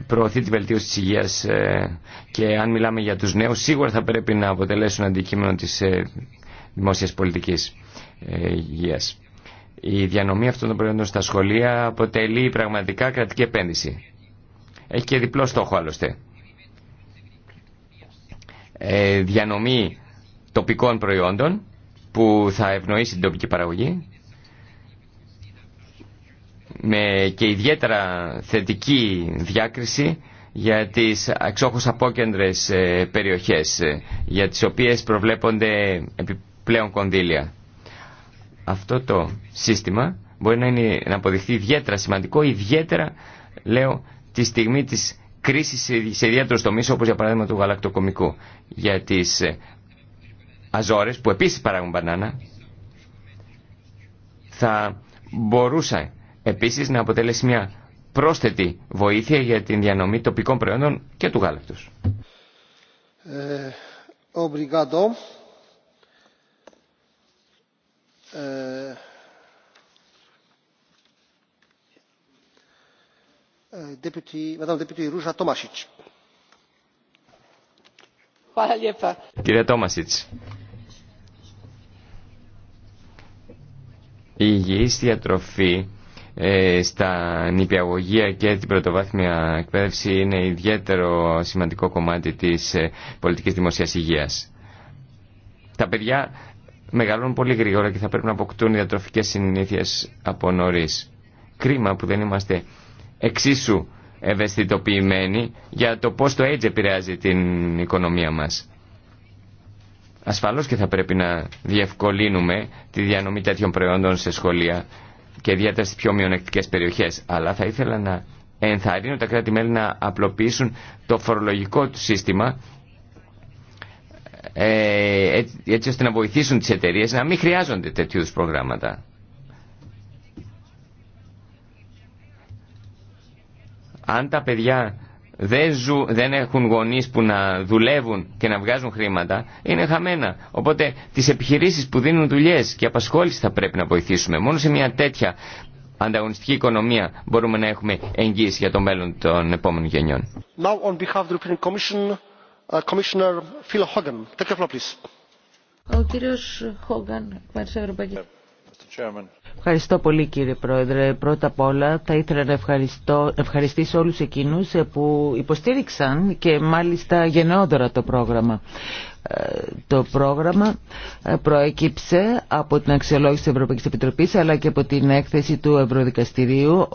προωθεί τη βελτίωση της υγείας ε, και αν μιλάμε για τους νέους σίγουρα θα πρέπει να αποτελέσουν αντικείμενο της ε, δημόσιας πολιτικής ε, υγείας. Η διανομή αυτών των προϊόντων στα σχολεία αποτελεί πραγματικά κρατική επένδυση. Έχει και διπλό στόχο άλλωστε. διανομή τοπικών προϊόντων που θα ευνοήσει την τοπική παραγωγή με και ιδιαίτερα θετική διάκριση για τις εξόχως απόκεντρες ε, περιοχές ε, για τις οποίες προβλέπονται επιπλέον κονδύλια. Αυτό το σύστημα μπορεί να, είναι, να αποδειχθεί ιδιαίτερα σημαντικό, ιδιαίτερα λέω τη στιγμή της κρίσης σε ιδιαίτερου τομείς όπως για παράδειγμα του γαλακτοκομικού για τις ε, αζόρες που επίσης παράγουν μπανάνα θα μπορούσαν επίσης να αποτελέσει μια πρόσθετη βοήθεια για την διανομή τοπικών προϊόντων και του γάλακτος. Ευχαριστώ. Ε, ε, Τόμασιτς, η υγιής διατροφή ε, στα νηπιαγωγεία και την πρωτοβάθμια εκπαίδευση είναι ιδιαίτερο σημαντικό κομμάτι της ε, πολιτικής δημοσίας υγείας. Τα παιδιά μεγαλώνουν πολύ γρήγορα και θα πρέπει να αποκτούν διατροφικές συνήθειες από νωρί. Κρίμα που δεν είμαστε εξίσου ευαισθητοποιημένοι για το πώς το AIDS επηρεάζει την οικονομία μας. Ασφαλώς και θα πρέπει να διευκολύνουμε τη διανομή τέτοιων προϊόντων σε σχολεία και ιδιαίτερα στι πιο μειονεκτικές περιοχέ, Αλλά θα ήθελα να ενθαρρύνω τα κράτη-μέλη να απλοποιήσουν το φορολογικό του σύστημα ε, έτσι ώστε να βοηθήσουν τις εταιρείε να μην χρειάζονται τέτοιου προγράμματα. Αν τα παιδιά δεν, ζου, δεν έχουν γονείς που να δουλεύουν και να βγάζουν χρήματα, είναι χαμένα. Οπότε τις επιχειρήσεις που δίνουν δουλειές και απασχόληση θα πρέπει να βοηθήσουμε. Μόνο σε μια τέτοια ανταγωνιστική οικονομία μπορούμε να έχουμε εγγύηση για το μέλλον των επόμενων γενιών. Now on behalf of the European Commission, uh, Commissioner Phil Hogan. Take please. Ο κύριος Hogan, Ευρωπαϊκή. Ευχαριστώ πολύ κύριε Πρόεδρε. Πρώτα απ' όλα θα ήθελα να ευχαριστήσω όλους εκείνους που υποστήριξαν και μάλιστα γενναιόδωρα το πρόγραμμα. Ε, το πρόγραμμα ε, προέκυψε από την αξιολόγηση της Ευρωπαϊκής Επιτροπής αλλά και από την έκθεση του Ευρωδικαστηρίου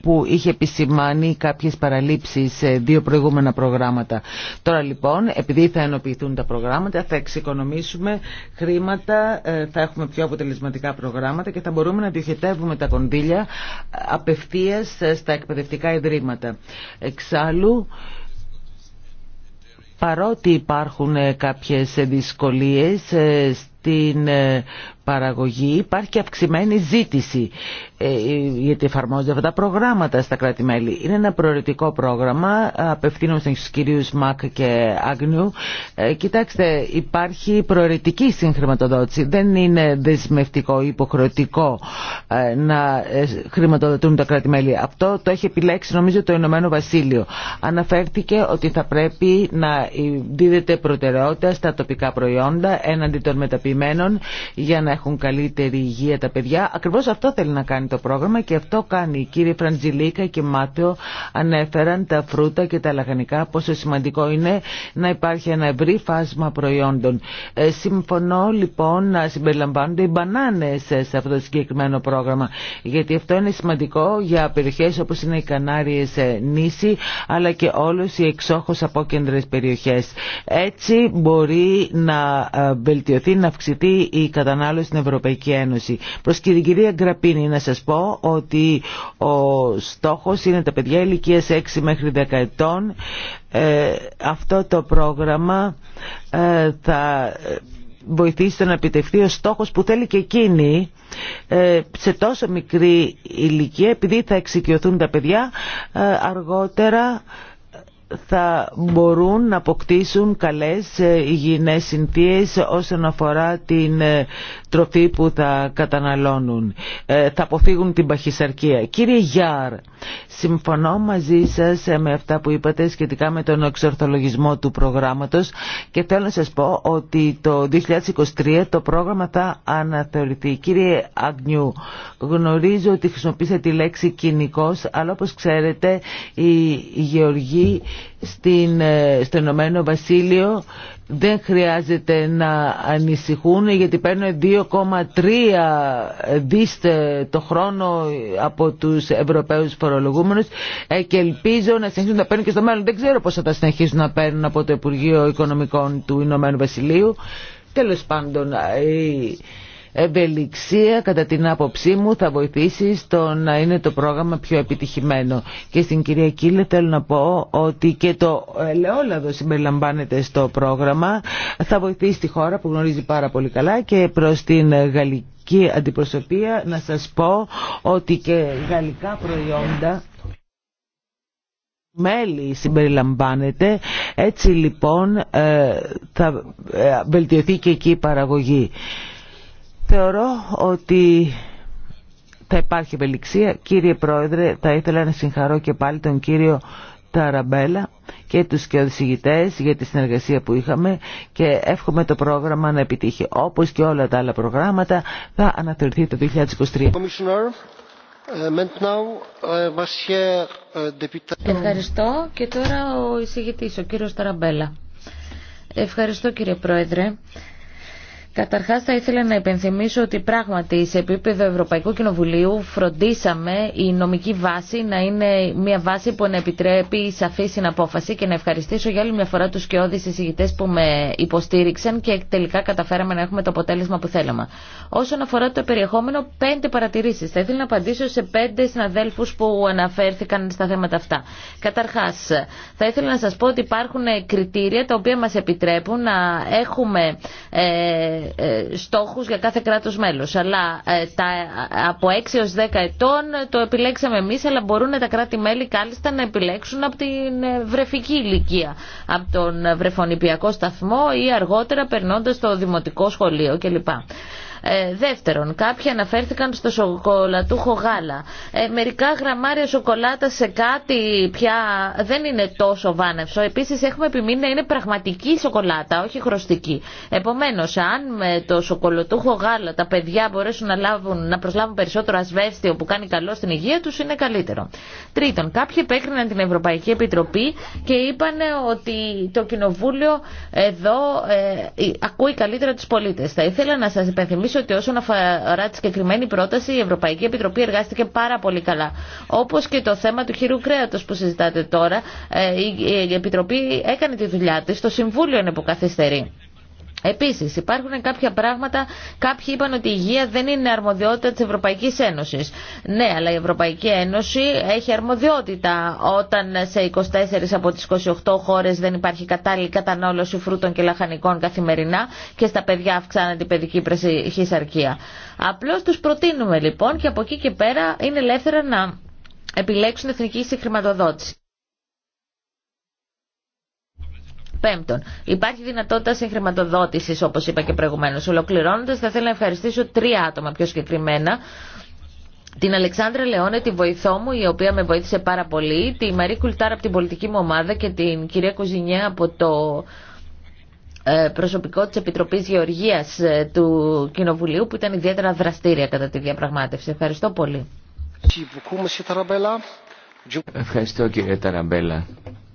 που είχε επισημάνει κάποιες παραλήψεις σε δύο προηγούμενα προγράμματα. Τώρα λοιπόν, επειδή θα ενοποιηθούν τα προγράμματα, θα εξοικονομήσουμε χρήματα, ε, θα έχουμε πιο αποτελεσματικά προγράμματα και θα μπορούμε να διοχετεύουμε τα κονδύλια απευθείας στα εκπαιδευτικά ιδρύματα. Εξάλλου, παρότι υπάρχουν κάποιες δυσκολίες ε, την ε, παραγωγή υπάρχει και αυξημένη ζήτηση ε, γιατί εφαρμόζονται αυτά τα προγράμματα στα κράτη-μέλη. Είναι ένα προαιρετικό πρόγραμμα, απευθύνομαι στους κυρίους Μακ και Άγνιου. Ε, κοιτάξτε, υπάρχει προαιρετική συγχρηματοδότηση. Δεν είναι δεσμευτικό ή υποχρεωτικό να χρηματοδοτούν τα κράτη-μέλη. Αυτό το έχει επιλέξει νομίζω το Ηνωμένο Βασίλειο. Αναφέρθηκε ότι θα πρέπει να δίδεται προτεραιότητα στα τοπικά προϊόντα έναντι των για να έχουν καλύτερη υγεία τα παιδιά. Ακριβώς αυτό θέλει να κάνει το πρόγραμμα και αυτό κάνει. Κύριε κύριε Φραντζιλίκα και Μάτεο ανέφεραν τα φρούτα και τα λαχανικά πόσο σημαντικό είναι να υπάρχει ένα ευρύ φάσμα προϊόντων. Ε, συμφωνώ λοιπόν να συμπεριλαμβάνονται οι μπανάνες σε αυτό το συγκεκριμένο πρόγραμμα γιατί αυτό είναι σημαντικό για περιοχές όπως είναι οι Κανάριες ε, νήσι αλλά και όλες οι εξόχως απόκεντρες περιοχές. Έτσι μπορεί να ε, βελτιωθεί, να αυξηθεί η κατανάλωση στην Ευρωπαϊκή Ένωση. Προ την κυρία Γκραπίνη να σα πω ότι ο στόχο είναι τα παιδιά ηλικία 6 μέχρι 10 ετών. Ε, αυτό το πρόγραμμα ε, θα βοηθήσει να επιτευχθεί ο στόχος που θέλει και εκείνη ε, σε τόσο μικρή ηλικία επειδή θα εξοικειωθούν τα παιδιά ε, αργότερα θα μπορούν να αποκτήσουν καλές ε, υγιεινές συνθήκες όσον αφορά την ε, τροφή που θα καταναλώνουν. Ε, θα αποφύγουν την παχυσαρκία. Κύριε Γιάρ, συμφωνώ μαζί σας με αυτά που είπατε σχετικά με τον εξορθολογισμό του προγράμματος και θέλω να σας πω ότι το 2023 το πρόγραμμα θα αναθεωρηθεί. Κύριε Αγνιού, γνωρίζω ότι χρησιμοποίησατε τη λέξη κοινικός, αλλά όπως ξέρετε η γεωργοί στην, ε, στο Ηνωμένο Βασίλειο δεν χρειάζεται να ανησυχούν γιατί παίρνουν 2,3 δις ε, το χρόνο από τους Ευρωπαίους φορολογούμενους ε, και ελπίζω να συνεχίσουν να παίρνουν και στο μέλλον. Δεν ξέρω πώς θα τα συνεχίσουν να παίρνουν από το Υπουργείο Οικονομικών του Ηνωμένου Βασιλείου. Τέλος πάντων, ευελιξία κατά την άποψή μου θα βοηθήσει στο να είναι το πρόγραμμα πιο επιτυχημένο. Και στην κυρία Κίλε θέλω να πω ότι και το ελαιόλαδο συμπεριλαμβάνεται στο πρόγραμμα. Θα βοηθήσει τη χώρα που γνωρίζει πάρα πολύ καλά και προς την γαλλική αντιπροσωπεία να σας πω ότι και γαλλικά προϊόντα μέλη συμπεριλαμβάνεται έτσι λοιπόν ε, θα ε, βελτιωθεί και εκεί η παραγωγή Θεωρώ ότι θα υπάρχει ευελιξία. Κύριε Πρόεδρε, θα ήθελα να συγχαρώ και πάλι τον κύριο Ταραμπέλα και τους και για τη συνεργασία που είχαμε και εύχομαι το πρόγραμμα να επιτύχει. Όπως και όλα τα άλλα προγράμματα θα αναθεωρηθεί το 2023. Ε, ε, ε, Ευχαριστώ και τώρα ο εισηγητής, ο κύριος Ταραμπέλα. Ευχαριστώ κύριε Πρόεδρε. Καταρχά θα ήθελα να υπενθυμίσω ότι πράγματι σε επίπεδο Ευρωπαϊκού Κοινοβουλίου φροντίσαμε η νομική βάση να είναι μια βάση που να επιτρέπει σαφή συναπόφαση και να ευχαριστήσω για άλλη μια φορά τους σκιώδη συζητητέ που με υποστήριξαν και τελικά καταφέραμε να έχουμε το αποτέλεσμα που θέλαμε. Όσον αφορά το περιεχόμενο, πέντε παρατηρήσει. Θα ήθελα να απαντήσω σε πέντε συναδέλφου που αναφέρθηκαν στα θέματα αυτά. Καταρχά, θα ήθελα να σα πω ότι υπάρχουν κριτήρια τα οποία μα επιτρέπουν να έχουμε... Ε, ε, στόχους για κάθε κράτος μέλος. Αλλά ε, τα, από 6 έως 10 ετών ε, το επιλέξαμε εμείς, αλλά μπορούν τα κράτη-μέλη κάλλιστα να επιλέξουν από την βρεφική ηλικία, από τον βρεφονιπιακό σταθμό ή αργότερα περνώντας στο δημοτικό σχολείο κλπ. Ε, δεύτερον, κάποιοι αναφέρθηκαν στο σοκολατούχο γάλα. Ε, μερικά γραμμάρια σοκολάτα σε κάτι πια δεν είναι τόσο βάνευσο Επίση, έχουμε επιμείνει να είναι πραγματική σοκολάτα, όχι χρωστική. Επομένω, αν με το σοκολατούχο γάλα τα παιδιά μπορέσουν να, να προσλάβουν περισσότερο ασβέστιο που κάνει καλό στην υγεία του, είναι καλύτερο. Τρίτον, κάποιοι επέκριναν την Ευρωπαϊκή Επιτροπή και είπαν ότι το Κοινοβούλιο εδώ ε, ακούει καλύτερα του πολίτε. Θα ήθελα να σα υπενθυμίσω ότι όσον αφορά τη συγκεκριμένη πρόταση, η Ευρωπαϊκή Επιτροπή εργάστηκε πάρα πολύ καλά. Όπω και το θέμα του χειρού κρέατο που συζητάτε τώρα, ε, η Επιτροπή έκανε τη δουλειά τη, το Συμβούλιο είναι που καθυστερεί. Επίσης υπάρχουν κάποια πράγματα, κάποιοι είπαν ότι η υγεία δεν είναι αρμοδιότητα της Ευρωπαϊκής Ένωσης. Ναι, αλλά η Ευρωπαϊκή Ένωση έχει αρμοδιότητα όταν σε 24 από τις 28 χώρες δεν υπάρχει κατάλληλη κατανόλωση φρούτων και λαχανικών καθημερινά και στα παιδιά αυξάνεται η παιδική πρεσυχησαρκία. Απλώς τους προτείνουμε λοιπόν και από εκεί και πέρα είναι ελεύθερα να επιλέξουν εθνική συγχρηματοδότηση. Πέμπτον, υπάρχει δυνατότητα συγχρηματοδότηση, όπω είπα και προηγουμένω. Ολοκληρώνοντα, θα ήθελα να ευχαριστήσω τρία άτομα πιο συγκεκριμένα. Την Αλεξάνδρα Λεόνε, τη βοηθό μου, η οποία με βοήθησε πάρα πολύ, τη Μαρή Κουλτάρα από την πολιτική μου ομάδα και την κυρία Κουζινιέ από το ε, προσωπικό της Επιτροπής Γεωργίας ε, του Κοινοβουλίου που ήταν ιδιαίτερα δραστήρια κατά τη διαπραγμάτευση. Ευχαριστώ πολύ. Ευχαριστώ κύριε Ταραμπέλα.